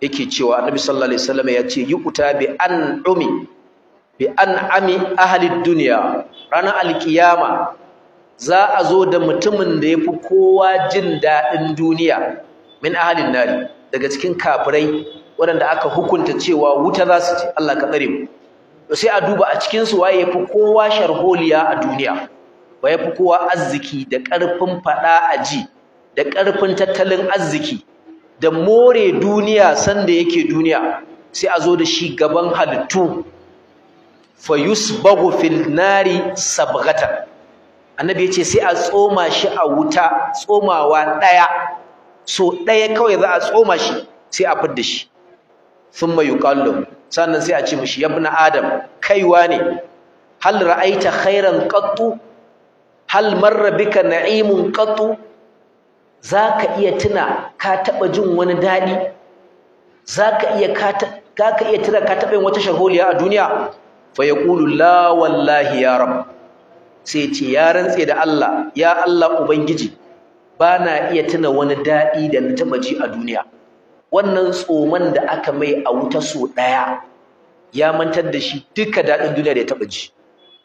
A: yake cewa Annabi sallallahu alaihi wasallam ya ce yuqta bi an bi an ami ahli dunya ranar alkiyama za a zo da mutumin da ya fi kowa jin daɗin duniya min ahli nari daga cikin kafirai waɗanda aka hukunta cewa wuta za su je Allah ka tsare mu sai a duba a cikin su waye yafi kowa sharholiya a duniya waye yafi kowa arziki da ƙarfin faɗa a ji da ƙarfin tattalin arziki da more duniya sanda yake duniya sai a zo da shi gaban halittu yusbagu fil nari sabghata annabi yace sai a tsoma shi a wuta tsomawa daya so daya kawai za a tsoma shi sai a fidda shi Sun yuqallu sannan sai a ce mishi yabna adam kaiwa ne hal ra'aita khairan qattu hal marra bika na'imun Za ka iya tuna ka taba jin wani daɗi? Za ka iya tuna ka taɓa yin wata shagoliya a duniya fa yaqulu la wallahi ya rab sai ce ya rantse da Allah ya Allah ubangiji bana iya tuna wani daɗi da na taɓa ji a duniya wannan tsoman da aka mai a wuta so ɗaya ya mantar da shi duka daɗin duniya da ya taɓa ji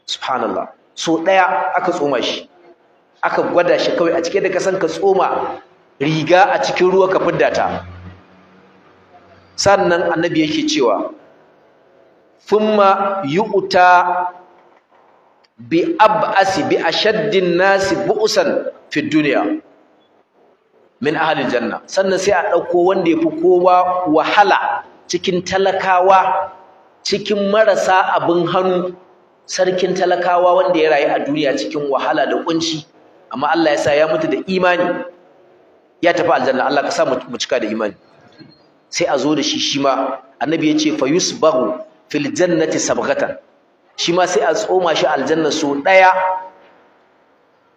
A: subhanallah so ɗaya aka tsoma shi aka gwada shi kawai a cike da kasan ka tsoma riga a cikin ruwa ka fidda ta sannan annabi yake cewa thumma yu'ta bi ab'asi bi ashaddin nasi bu'san fi dunya min ahalin janna sannan sai a ɗauko wanda ya fi kowa wahala cikin talakawa cikin marasa abin hannu sarkin talakawa wanda ya rayu a duniya cikin wahala da kunci amma Allah ya sa ya mutu da imani ya tafi aljanna Allah ka sa mu cika da imani sai a zo da shi shi ma annabi ya ce fa yusbahu fil jannati sabghatan shi ma sai a tsoma shi aljanna so daya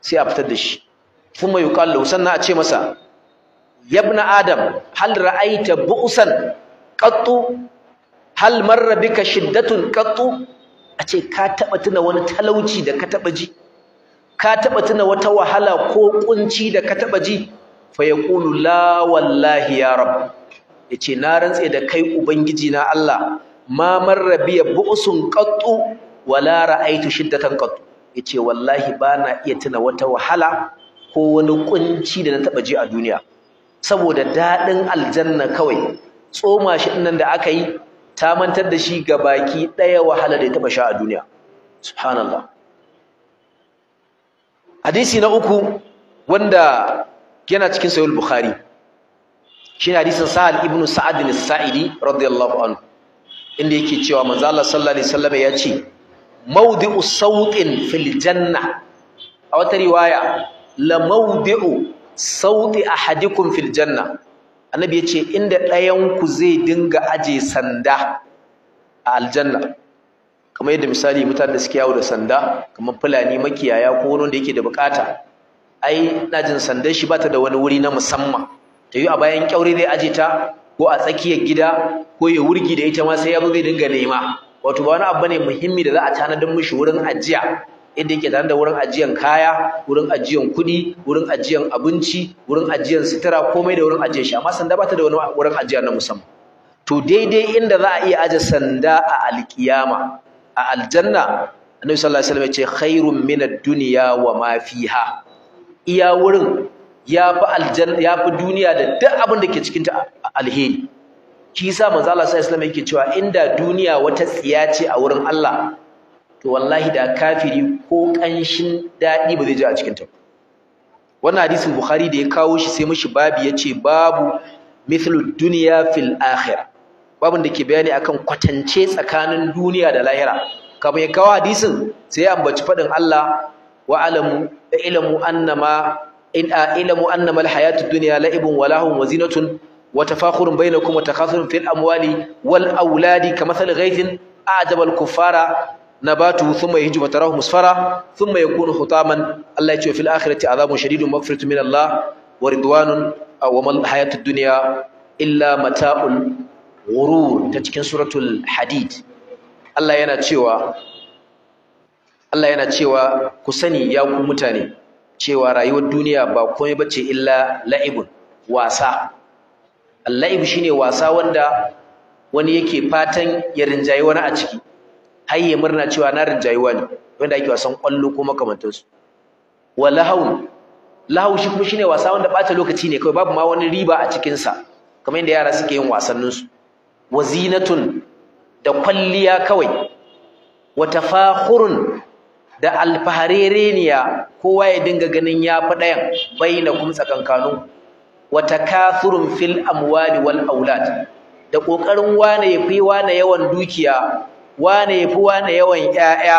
A: sai a fitar da shi kuma yuqallu sannan a ce masa yabna adam hal ra'aita bu'san qattu hal marra bika shiddatun qattu a ce ka taba tuna wani talauci da ka taba ji ka taba tuna wata wahala ko kunci da ka taba ji fa yaqulu la wallahi ya rab yace na rantse da kai ubangiji na Allah ma marra biya bu'sun qattu wala ra'aitu shiddatan qattu yace wallahi bana iya tuna wata wahala ko wani kunci da na taba ji a duniya saboda daɗin aljanna kawai tsoma shi nan da aka yi ta mantar da shi ga baki ɗaya wahala da ya taɓa sha a duniya subhanallah hadisi na uku wanda yana cikin sayul bukhari shine hadisin sa'ad ibn sa'ad al-sa'idi radiyallahu anhu inda yake cewa manzo Allah sallallahu alaihi wasallam ya ce mawdi'u sawtin fil janna a wata riwaya la mawdi'u sauti ahadikum fil janna annabi yace inda ɗayanku ku zai dinga aje sanda a aljanna kamar yadda misali mutane da suke yawo da sanda kamar fulani makiyaya ko wani wanda yake da bukata ai ina jin sandar shi bata da wani wuri na musamman ta yi a bayan kyaure zai aje ta ko a tsakiyar gida ko ya wurgi da ita ma sai ya zo zai dinga nema wato ba wani abu ne muhimmi da za a tanadar mishi wurin ajiya inda yake da wurin ajiyan kaya wurin ajiyan kuɗi wurin ajiyan abinci wurin ajiyan sitira, komai da wurin ajiyan shi amma sanda ba ta da wani wurin ajiya na musamman to daidai inda za a iya aje sanda a alkiyama a aljanna annabi sallallahu alaihi wasallam ya ce khairum min ad-dunya wa ma fiha iya wurin ya fi aljanna ya fi duniya da duk abin da ke cikin ta alheri kisa manzo Allah sallallahu alaihi wasallam yake cewa inda duniya wata tsiya ce a wurin Allah to wallahi da kafiri ko kanshin dadi ba zai ji a cikin ta wannan hadisin bukhari da ya kawo shi sai mishi babu yace babu mithlu dunya fil akhirah babun da ke bayani akan kwatance tsakanin duniya da lahira kamar ya kawo hadisin sai ya ambaci fadin Allah wa alamu ilamu annama in ilamu annama alhayatu dunya la'ibun wa lahum wa zinatun wa tafakhurun bainakum wa takathurun fil amwali wal auladi kamathal ghaythin a'jaba al kuffara نباته ثم يهج فتراه مصفرا ثم يكون حطاما الله يجوى في الآخرة عذاب شديد مغفرة من الله ورضوان وما الحياة الدنيا إلا متاع غرور تتكن سورة الحديد الله ينا تشوى الله ينا تشوى كسني يا متاني تشوى رأيو الدنيا باقومي بتي إلا لعب واسع اللعب شيني واسع وندا wani yake fatan ya rinjayi wani a ciki har ya murna cewa na rinjayuwa ne wanda ake wasan kwallo ko makamantansu wa lahawun lahu shi kuma shine wasa wanda ɓata lokaci ne kawai babu ma wani riba a cikin sa kamar yadda yara suke yin wasanninsu. su wazinatun da kwalliya kawai wa tafakhurun da alfaharereniya kowa ya dinga ganin ya fi ɗayan baina kuma tsakankanu wa takathurun fil amwali wal aulad da kokarin wane ya wane yawan dukiya wane fi wane yawan 'ya'ya?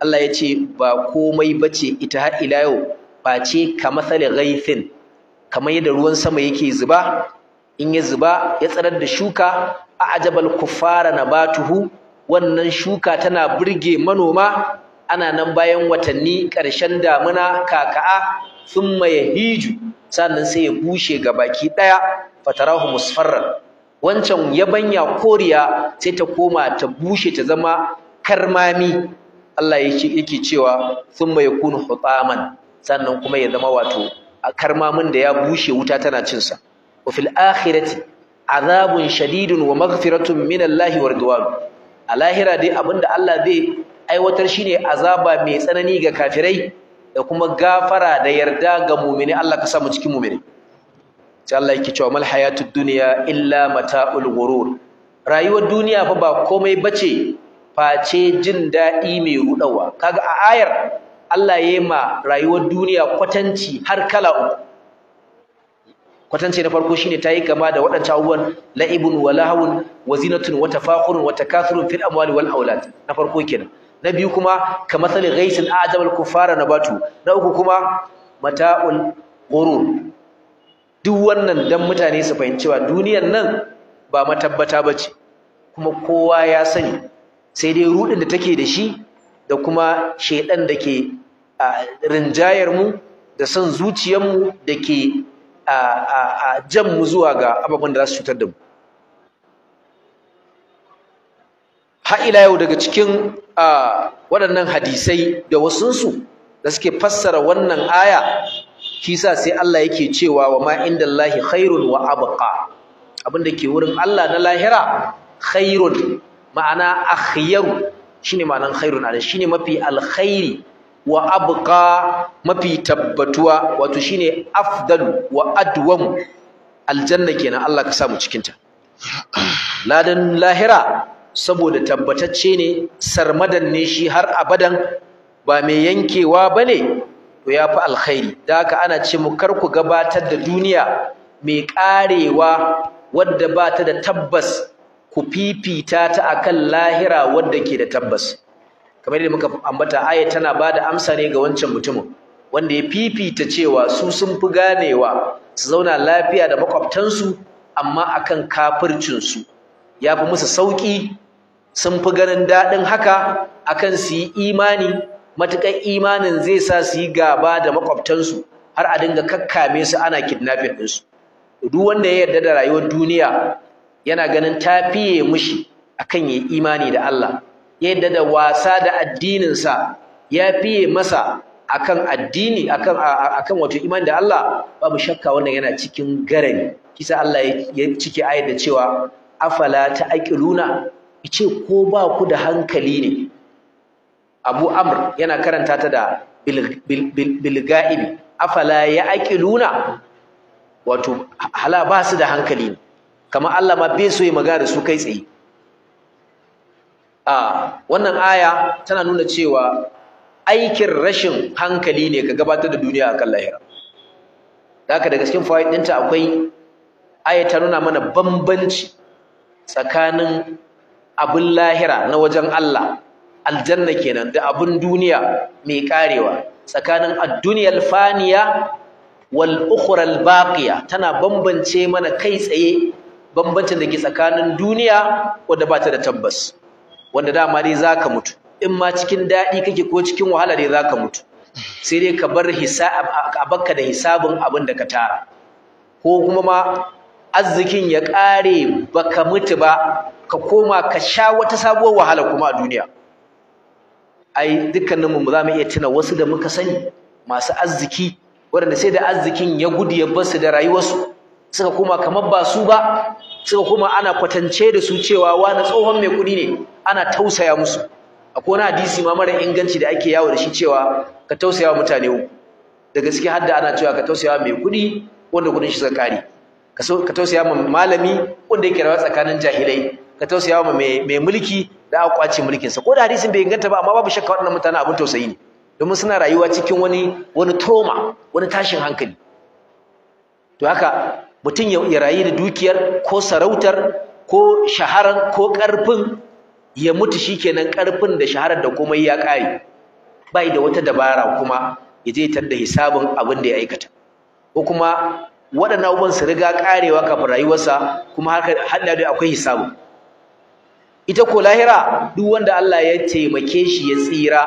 A: Allah ya ce ba komai bace ita har ila yau ba ce ka kamathali ghaifin, kamar yadda ruwan sama yake zuba in ya zuba ya tsarar da shuka a ajabal ba nabatuhu wannan shuka tana burge manoma ana nan bayan watanni ƙarshen damuna kaka'a thumma hiju. sannan sai ya bushe ga gabaki daya fatarahu musfarran wancan yabanya koriya sai ta koma ta bushe ta zama karmami Allah yake cewa thumma yakunu hutaman sannan kuma ya zama wato A karmamin da ya bushe wuta tana cinsa. sa wa fil akhirati azabun shadidun wa maghfiratun min Allah wa ridwan a lahira dai abinda Allah zai aiwatar shine azaba mai tsanani ga kafirai da kuma gafara da yarda ga mu'mini Allah ka sa mu cikin mu'mini sai Allah yake cewa mal hayatud dunya illa mata'ul ghurur rayuwar duniya fa ba komai bace face jin dadi mai rudawa kaga a ayar Allah yayi ma rayuwar duniya kwatanci har kala uku kwatanci na farko shine tayi kama da wadancan abubuwan la'ibun walahawun, lahawun wa zinatun wa tafakhurun wa takathurun fil amwali wal aulad na farko kenan na biyu kuma kamathali ghaisil a'jabal kufara nabatu na uku kuma mata'ul ghurur duk wannan dan mutane su fahimci cewa duniyar nan ba matabbata bace kuma kowa ya sani sai dai ruɗin da take da shi da kuma shaidan da ke rinjayar mu da san zuciyar mu da ke jan mu zuwa ga ababen da za su cutar da mu ha ila yau daga cikin waɗannan hadisai da wasunsu da suke fassara wannan aya shi sa sai Allah yake cewa wa ma indallahi khairun wa abqa abinda ke wurin Allah na lahira khairun ma'ana akhyaru shine ma'anan khairun ala shine mafi alkhairi wa abqa mafi tabbatuwa wato shine afdalu wa adwam aljanna kenan Allah ka samu cikin ta ladan lahira saboda tabbatacce ne sarmadan ne shi har abadan ba mai yankewa bane to ya fi alkhairi da haka ana ce mu kar ku gabatar da duniya mai ƙarewa wadda ba ta da tabbas ku fifita ta akan lahira wadda ke da tabbas kamar yadda muka ambata aya tana ba da amsa ne ga wancan mutumin wanda ya fifita cewa su sun fi ganewa su zauna lafiya da makwabtansu amma akan kafircinsu ya fi musu sauƙi sun fi ganin daɗin haka akan su yi imani matuƙar imanin zai sa su yi gaba da makwabtansu har a dinga kakkame su ana kidnapping ɗinsu duk wanda ya yarda da rayuwar duniya yana ganin ta fiye mushi akan yi imani da Allah ya yarda da wasa da addininsa ya fiye masa akan addini akan akan wato imani da Allah babu shakka wannan yana cikin garani kisa Allah ya cike ayat da cewa afala ta ta'qiluna ice ko ba ku da hankali ne abu amr yana karanta ta da bilga'ibi afala ya luna, wato hala ba su da hankali ne kama Allah ma bai so ya magana da su kai tsaye a ah, wannan aya tana nuna cewa aikin rashin hankali ne ka gabatar da duniya akan lahira haka daga cikin fawaid ɗinta akwai aya ta nuna mana bambanci tsakanin abin lahira na wajen Allah aljanna kenan da abun duniya mai karewa tsakanin ad faniya wal ukhra baqiya tana bambance mana kai tsaye bambancin da ke tsakanin duniya wanda ba ta da tabbas wanda dama dai zaka mutu in ma cikin daɗi kake ko cikin wahala dai zaka mutu sai dai ka bar hisab a bakka da hisabin abin da ka tara ko kuma ma arzikin ya ƙare baka mutu ba ka koma ka sha wata sabuwar wahala kuma a duniya ai dukkaninmu za mu iya tuna wasu da muka sani masu arziki waɗanda sai da arzikin ya gudu ya bar da rayuwarsu suka koma kamar ba su ba suka koma ana kwatance da su cewa wani tsohon mai kuɗi ne ana tausaya musu akwai wani hadisi ma mara inganci da ake yawo da shi cewa ka tausaya wa mutane uku da gaske har da ana cewa ka tausaya mai kuɗi wanda kuɗin shi suka kare ka tausaya ma malami wanda yake rawa tsakanin jahilai ka tausaya ma mai mulki da aka kwace mulkinsa ko da hadisin bai inganta ba amma babu shakka waɗannan mutane abin tausayi ne domin suna rayuwa cikin wani wani trauma wani tashin hankali to haka mutum ya rayu da dukiyar ko sarautar ko shaharar ko ƙarfin ya mutu shikenan ƙarfin da shaharar da komai ya ƙare bai da wata dabara kuma ya je tar da hisabin abin da ya aikata ko kuma waɗannan abubuwan su riga ƙarewa kafin rayuwarsa kuma har da akwai hisabin ita ko lahira duk wanda Allah ya taimake shi ya tsira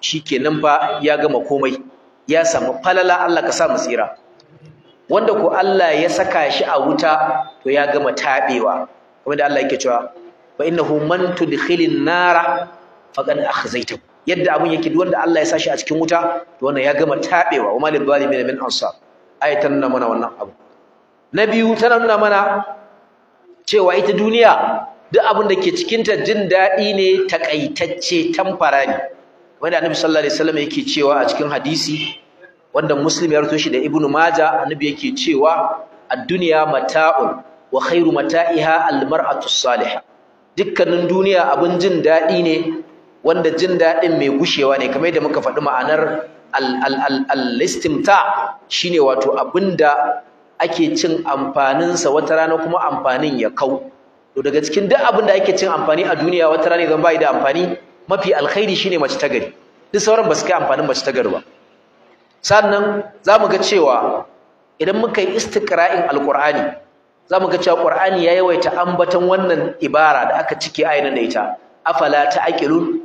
A: shikenan fa ya gama komai ya samu falala Allah ka sa mu tsira wanda ko Allah ya saka shi a wuta to ya gama tabewa Kuma da Allah yake cewa fa innahu man tudkhilin nara faqad akhzaytahu yadda abun yake duk wanda Allah ya sa shi a cikin wuta to wannan ya gama tabewa wa malil zalimin min ansar ayatan nuna mana wannan abu na biyu ta nuna mana cewa ita duniya duk abin da ke cikinta jin daɗi ne takaitacce tamfara ne wanda annabi sallallahu alaihi wasallam yake cewa a cikin hadisi wanda muslim ya rawaito shi da ibnu maja annabi yake cewa ad-dunya mata'un wa khairu mata'iha al-mar'atu salihah dukkanin duniya abin jin daɗi ne wanda jin daɗin mai gushewa ne kamar yadda muka faɗi ma'anar al-istimta shine wato abinda ake cin amfaninsa wata rana kuma amfanin ya kau to daga cikin duk abin da ake cin amfani a duniya wata rana zan bai da amfani mafi alkhairi shine mace ta gari duk sauran ba su kai amfanin mace ta gari ba sannan za mu ga cewa idan muka yi istiqra'in alqur'ani za mu ga cewa qur'ani ya yawaita ambaton wannan ibara da aka cike ayin da ita afala ta'qilun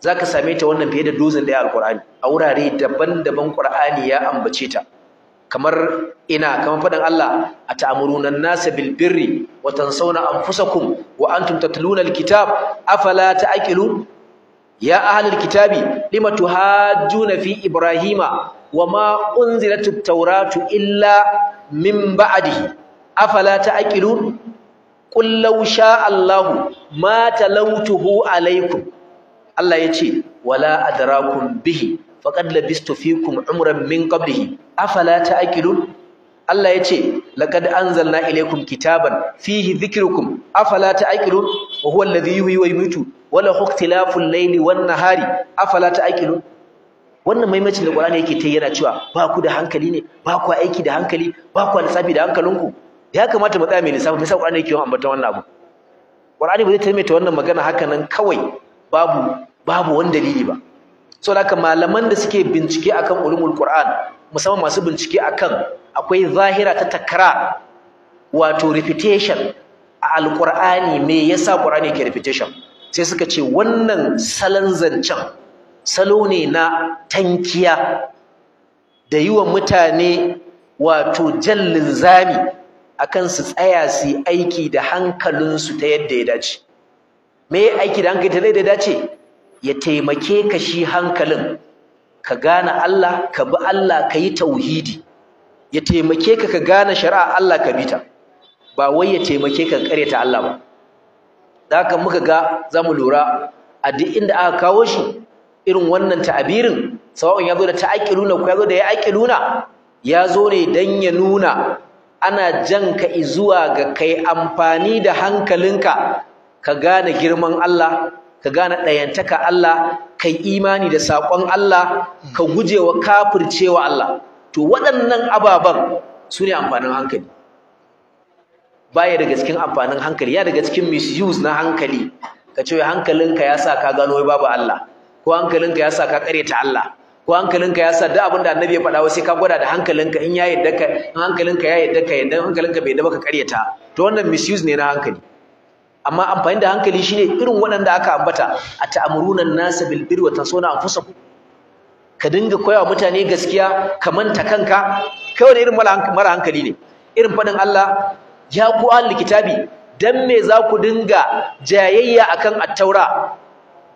A: zaka same ta wannan fiye da dozin ya alqur'ani a wurare daban-daban qur'ani ya ambace ta kamar ina kamar faɗin Allah a ta'amuruna nasa bil birri wa tansawna anfusakum wa antum kitab. alkitab afala ta'qilu ya ahlul kitabi lima tuhajjuna fi ibrahima wa unzilat at-tauratu illa min ba'dihi afala ta qul ƙullausha Allahu, Allah ma talawtuhu alaykum Allah ce wala adrakum bihi faqad labistu fikum umran min qablihi afala ta'qilun Allah yace laqad anzalna ilaykum kitaban fihi dhikrukum afala ta'qilun wa huwa alladhi yuhyi wa yumitu wa lahu ikhtilaful layli wan nahari afala ta'qilun wannan maimacin da Qur'ani yake ta yana cewa ba ku da hankali ne ba ku aiki da hankali ba ku lissafi da hankalinku ya kamata mu tsaya mai lissafi me yasa Qur'ani yake yawan ambata wannan abu Qur'ani bai zai taimaita wannan magana haka nan kawai babu babu wani dalili ba saboda haka malaman da suke bincike akan ulumul Qur'an musamman masu bincike akan akwai zahira ta takara, wato repetition a alqur'ani me yasa qur'ani ke repetition sai suka ce wannan salon zancen salo ne na tankiya da yi wa mutane wato jallin zami akan su tsaya su aiki da hankalinsu ta yadda ya dace me aiki da hankali ta yadda ya dace ya taimake ka shi hankalin ka gane Allah ka bi Allah ka yi tauhidi ya taimake ka ka gane shari'a Allah ka bi ta ba wai ya taimake ka ta Allah ba da haka muka ga za mu lura a duk inda aka kawo shi irin wannan ta'abirin sawa'un ya zo da ta'aqiluna ko ya zo da ya aqiluna ya zo ne dan ya nuna ana jan ka zuwa ga kai amfani da hankalinka ka gane girman Allah ka gane ɗayantaka Allah ka imani da saƙon Allah ka guje gujewa kafircewa Allah to waɗannan ababen su ne amfanin hankali Ba ya daga cikin amfanin hankali ya daga cikin misuse na hankali ka ce hankalinka ya sa ka gano wai babu Allah ko hankalinka ya sa ka ta Allah ko hankalinka ya sa duk abin da annabi ya faɗa wai sai ka gwada da hankalinka in ya yadda ka in hankalinka ya yadda ka yadda hankalinka bai yadda ba ka ta. to wannan misuse ne na hankali amma amfani da hankali shine irin waɗanda aka ambata a ta'amurunan nasa bil birri wa tansawna anfusakum ka dinga koyawa mutane gaskiya ka manta kanka kawai irin mara hankali ne irin faɗin Allah ya ku ahlul kitabi dan me za ku dinga jayayya akan attaura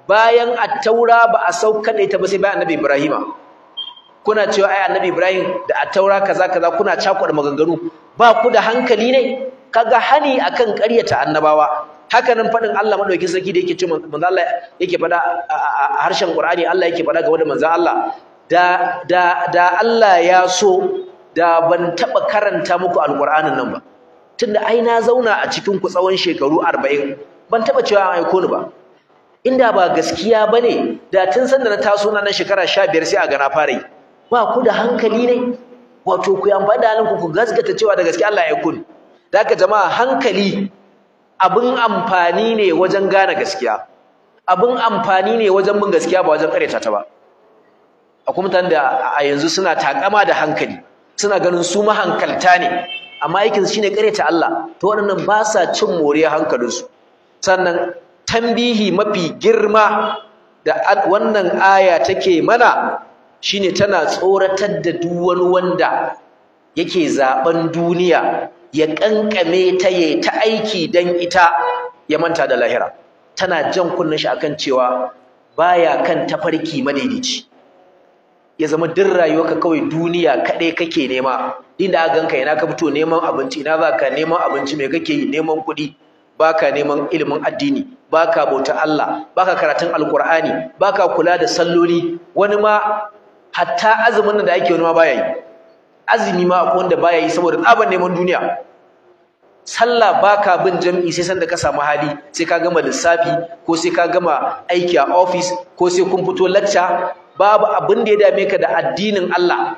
A: bayan Attaura ba a sauka da ba sai bayan annabi Ibrahima kuna cewa ai annabi Ibrahim da Attaura kaza kaza kuna cakuɗa maganganu ba ku da hankali ne kaga hani akan ƙaryata annabawa haka nan faɗin Allah madaukakin sarki da yake ce manzo Allah yake faɗa a harshen Qur'ani Allah yake faɗa ga wanda manzo Allah da da da Allah ya so da ban taɓa karanta muku alƙur'anin nan ba tunda ai na zauna a cikin ku tsawon shekaru 40 ban taɓa cewa an aiko ni ba inda ba gaskiya bane da tun san da na taso na shekara 15 sai a ga na fara yi ba ku da hankali ne wato ku yi amfani da halinku ku gaskata cewa da gaskiya Allah ya ni. da haka jama'a hankali abin amfani ne wajen gane gaskiya abin amfani ne wajen bin gaskiya ba wajen karyata ta ba akwai mutanen da a yanzu suna takama da hankali suna ganin su mahankalta ne amma aikin su shine karyata Allah to waɗannan ba sa cin moriya hankalinsu sannan tambihi mafi girma da wannan aya take mana shine tana tsoratar da duk wani wanda yake zaben duniya ya kankame ta ya ta aiki dan ita ya manta da lahira tana jan kunnen shi akan cewa baya kan tafarki madaidaici ya zama duk rayuwarka kawai duniya kaɗai kake nema inda a ganka ina ka fito neman abinci ina za ka neman abinci me kake yi neman kuɗi baka neman ilimin addini baka bauta Allah baka karatun alkur'ani baka kula da salloli wani ma hatta azumin da ake wani ma baya yi azumi ma akwai wanda baya yi saboda tsaban neman duniya sallah baka bin jam'i sai sanda ka samu hali sai ka gama lissafi ko sai ka gama aiki a office ko sai kun fito lecture babu abin da ya dame ka da addinin Allah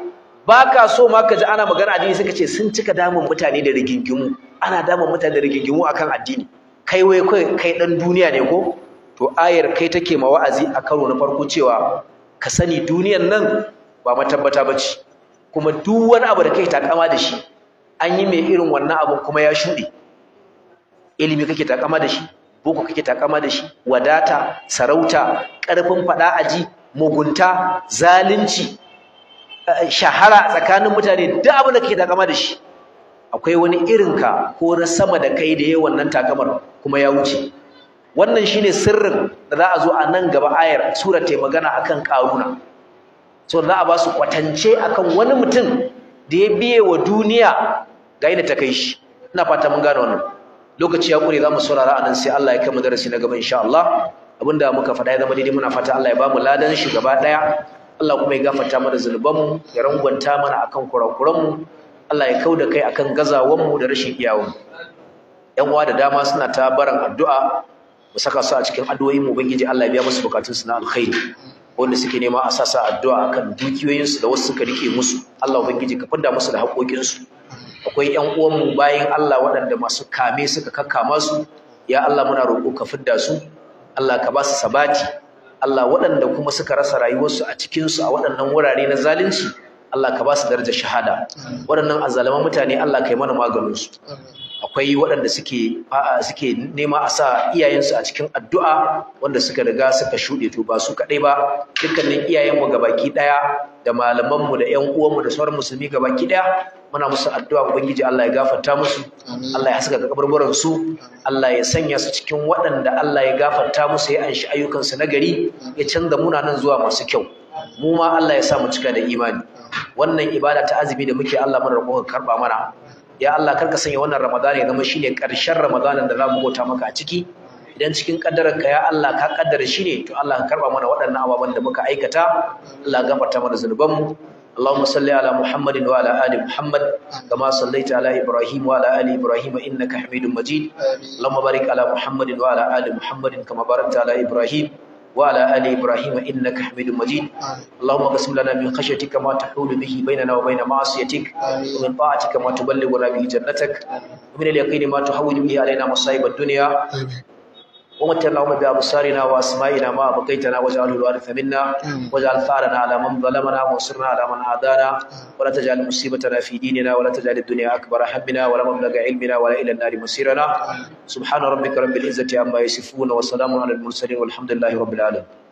A: baka so ma ka ji ana magana addini sai ka ce sun cika damun mutane da rigingimu ana damun mutane da rigingimu akan addini kai wai kai kai dan duniya ne ko to ayar kai take ma wa'azi a karo na farko cewa ka sani duniyar nan ba matabbata ce. kuma duk wani abu da kai takama da shi an yi mai irin wannan abun kuma ya shuɗe ilimi kake takama da shi boko kake takama da shi wadata sarauta ƙarfin faɗa aji mugunta zalunci eh, shahara tsakanin mutane duk abin da kake takama da shi akwai wani irin ka ko na sama da kai da yayi wannan takamar kuma ya wuce wannan shine sirrin da za a zo a nan gaba ayar sura ta magana akan karuna so za a ba su kwatance akan wani mutum da ya biye wa duniya ga yana ta kai shi ina fata mun gane wannan lokaci ya kure za mu saurara nan sai Allah ya kama darasi na gaba insha Allah abinda muka faɗa ya zama daidai muna fata Allah ya ba mu ladan shi gaba ɗaya Allah kuma ya gafarta mana mu ya rangwanta mana akan mu. Allah ya da kai akan mu da rashin iyawanmu yan uwa da dama suna ta baran addu'a mu saka su a cikin addu'o'in mu ubangiji Allah ya biya musu bukatunsu na alkhairi wanda suke nema a sasa addu'a akan dukiyoyinsu da wasu suka rike musu Allah ubangiji ka fidda musu da haƙoƙinsu akwai ƴan mu bayan Allah waɗanda masu kame suka kakkama su ya Allah muna roƙo ka fidda su Allah ka ba su sabati Allah waɗanda kuma suka rasa rayuwarsu a cikinsu a waɗannan wurare na zalunci Allah ka ba su darajar shahada waɗannan azalama mutane Allah kai mana maganin su akwai waɗanda suke suke nema a sa iyayensu a cikin addu'a wanda suka riga suka shuɗe to ba su kaɗai ba dukkanin iyayenmu gabaki ɗaya da malamanmu da ƴan uwanmu da sauran musulmi gabaki ɗaya muna musu addu'a ubangiji Allah ya gafarta musu Allah ya haskaka kaburburan su Allah ya sanya su cikin waɗanda Allah ya gafarta musu ya anshi ayyukansu na gari ya canza muna nan zuwa masu kyau mu ma Allah ya sa mu cika da imani wannan ibada ta azumi da muke Allah mun roƙo ka karba mana ya Allah kar ka sanya wannan Ramadan ya zama shine karshen Ramadanin da zamu bauta maka a ciki idan cikin ka ya Allah ka kaddara shi ne to Allah ka karba mana waɗannan ababen da muka aikata Allah gafarta mana zunubanmu اللهم صل على محمد وعلى ال محمد كما صليت على ابراهيم وعلى ال ابراهيم انك حميد مجيد اللهم بارك على محمد وعلى ال محمد كما باركت على ابراهيم وعلى آل إبراهيم إنك حميد مجيد اللهم اقسم لنا من خشيتك ما تحول به بيننا وبين معصيتك ومن طاعتك ما تبلغنا به جنتك ومن اليقين ما تحول به علينا مصائب الدنيا ومتنا اللهم بأبصارنا وأسمائنا ما أبقيتنا واجعله الوارث منا واجعل ثارنا على من ظلمنا وانصرنا على من عادانا ولا تجعل مصيبتنا في ديننا ولا تجعل الدنيا أكبر همنا ولا مبلغ علمنا ولا إلى النار مسيرنا سبحان ربك رب العزة عما يصفون وسلام على المرسلين والحمد لله رب العالمين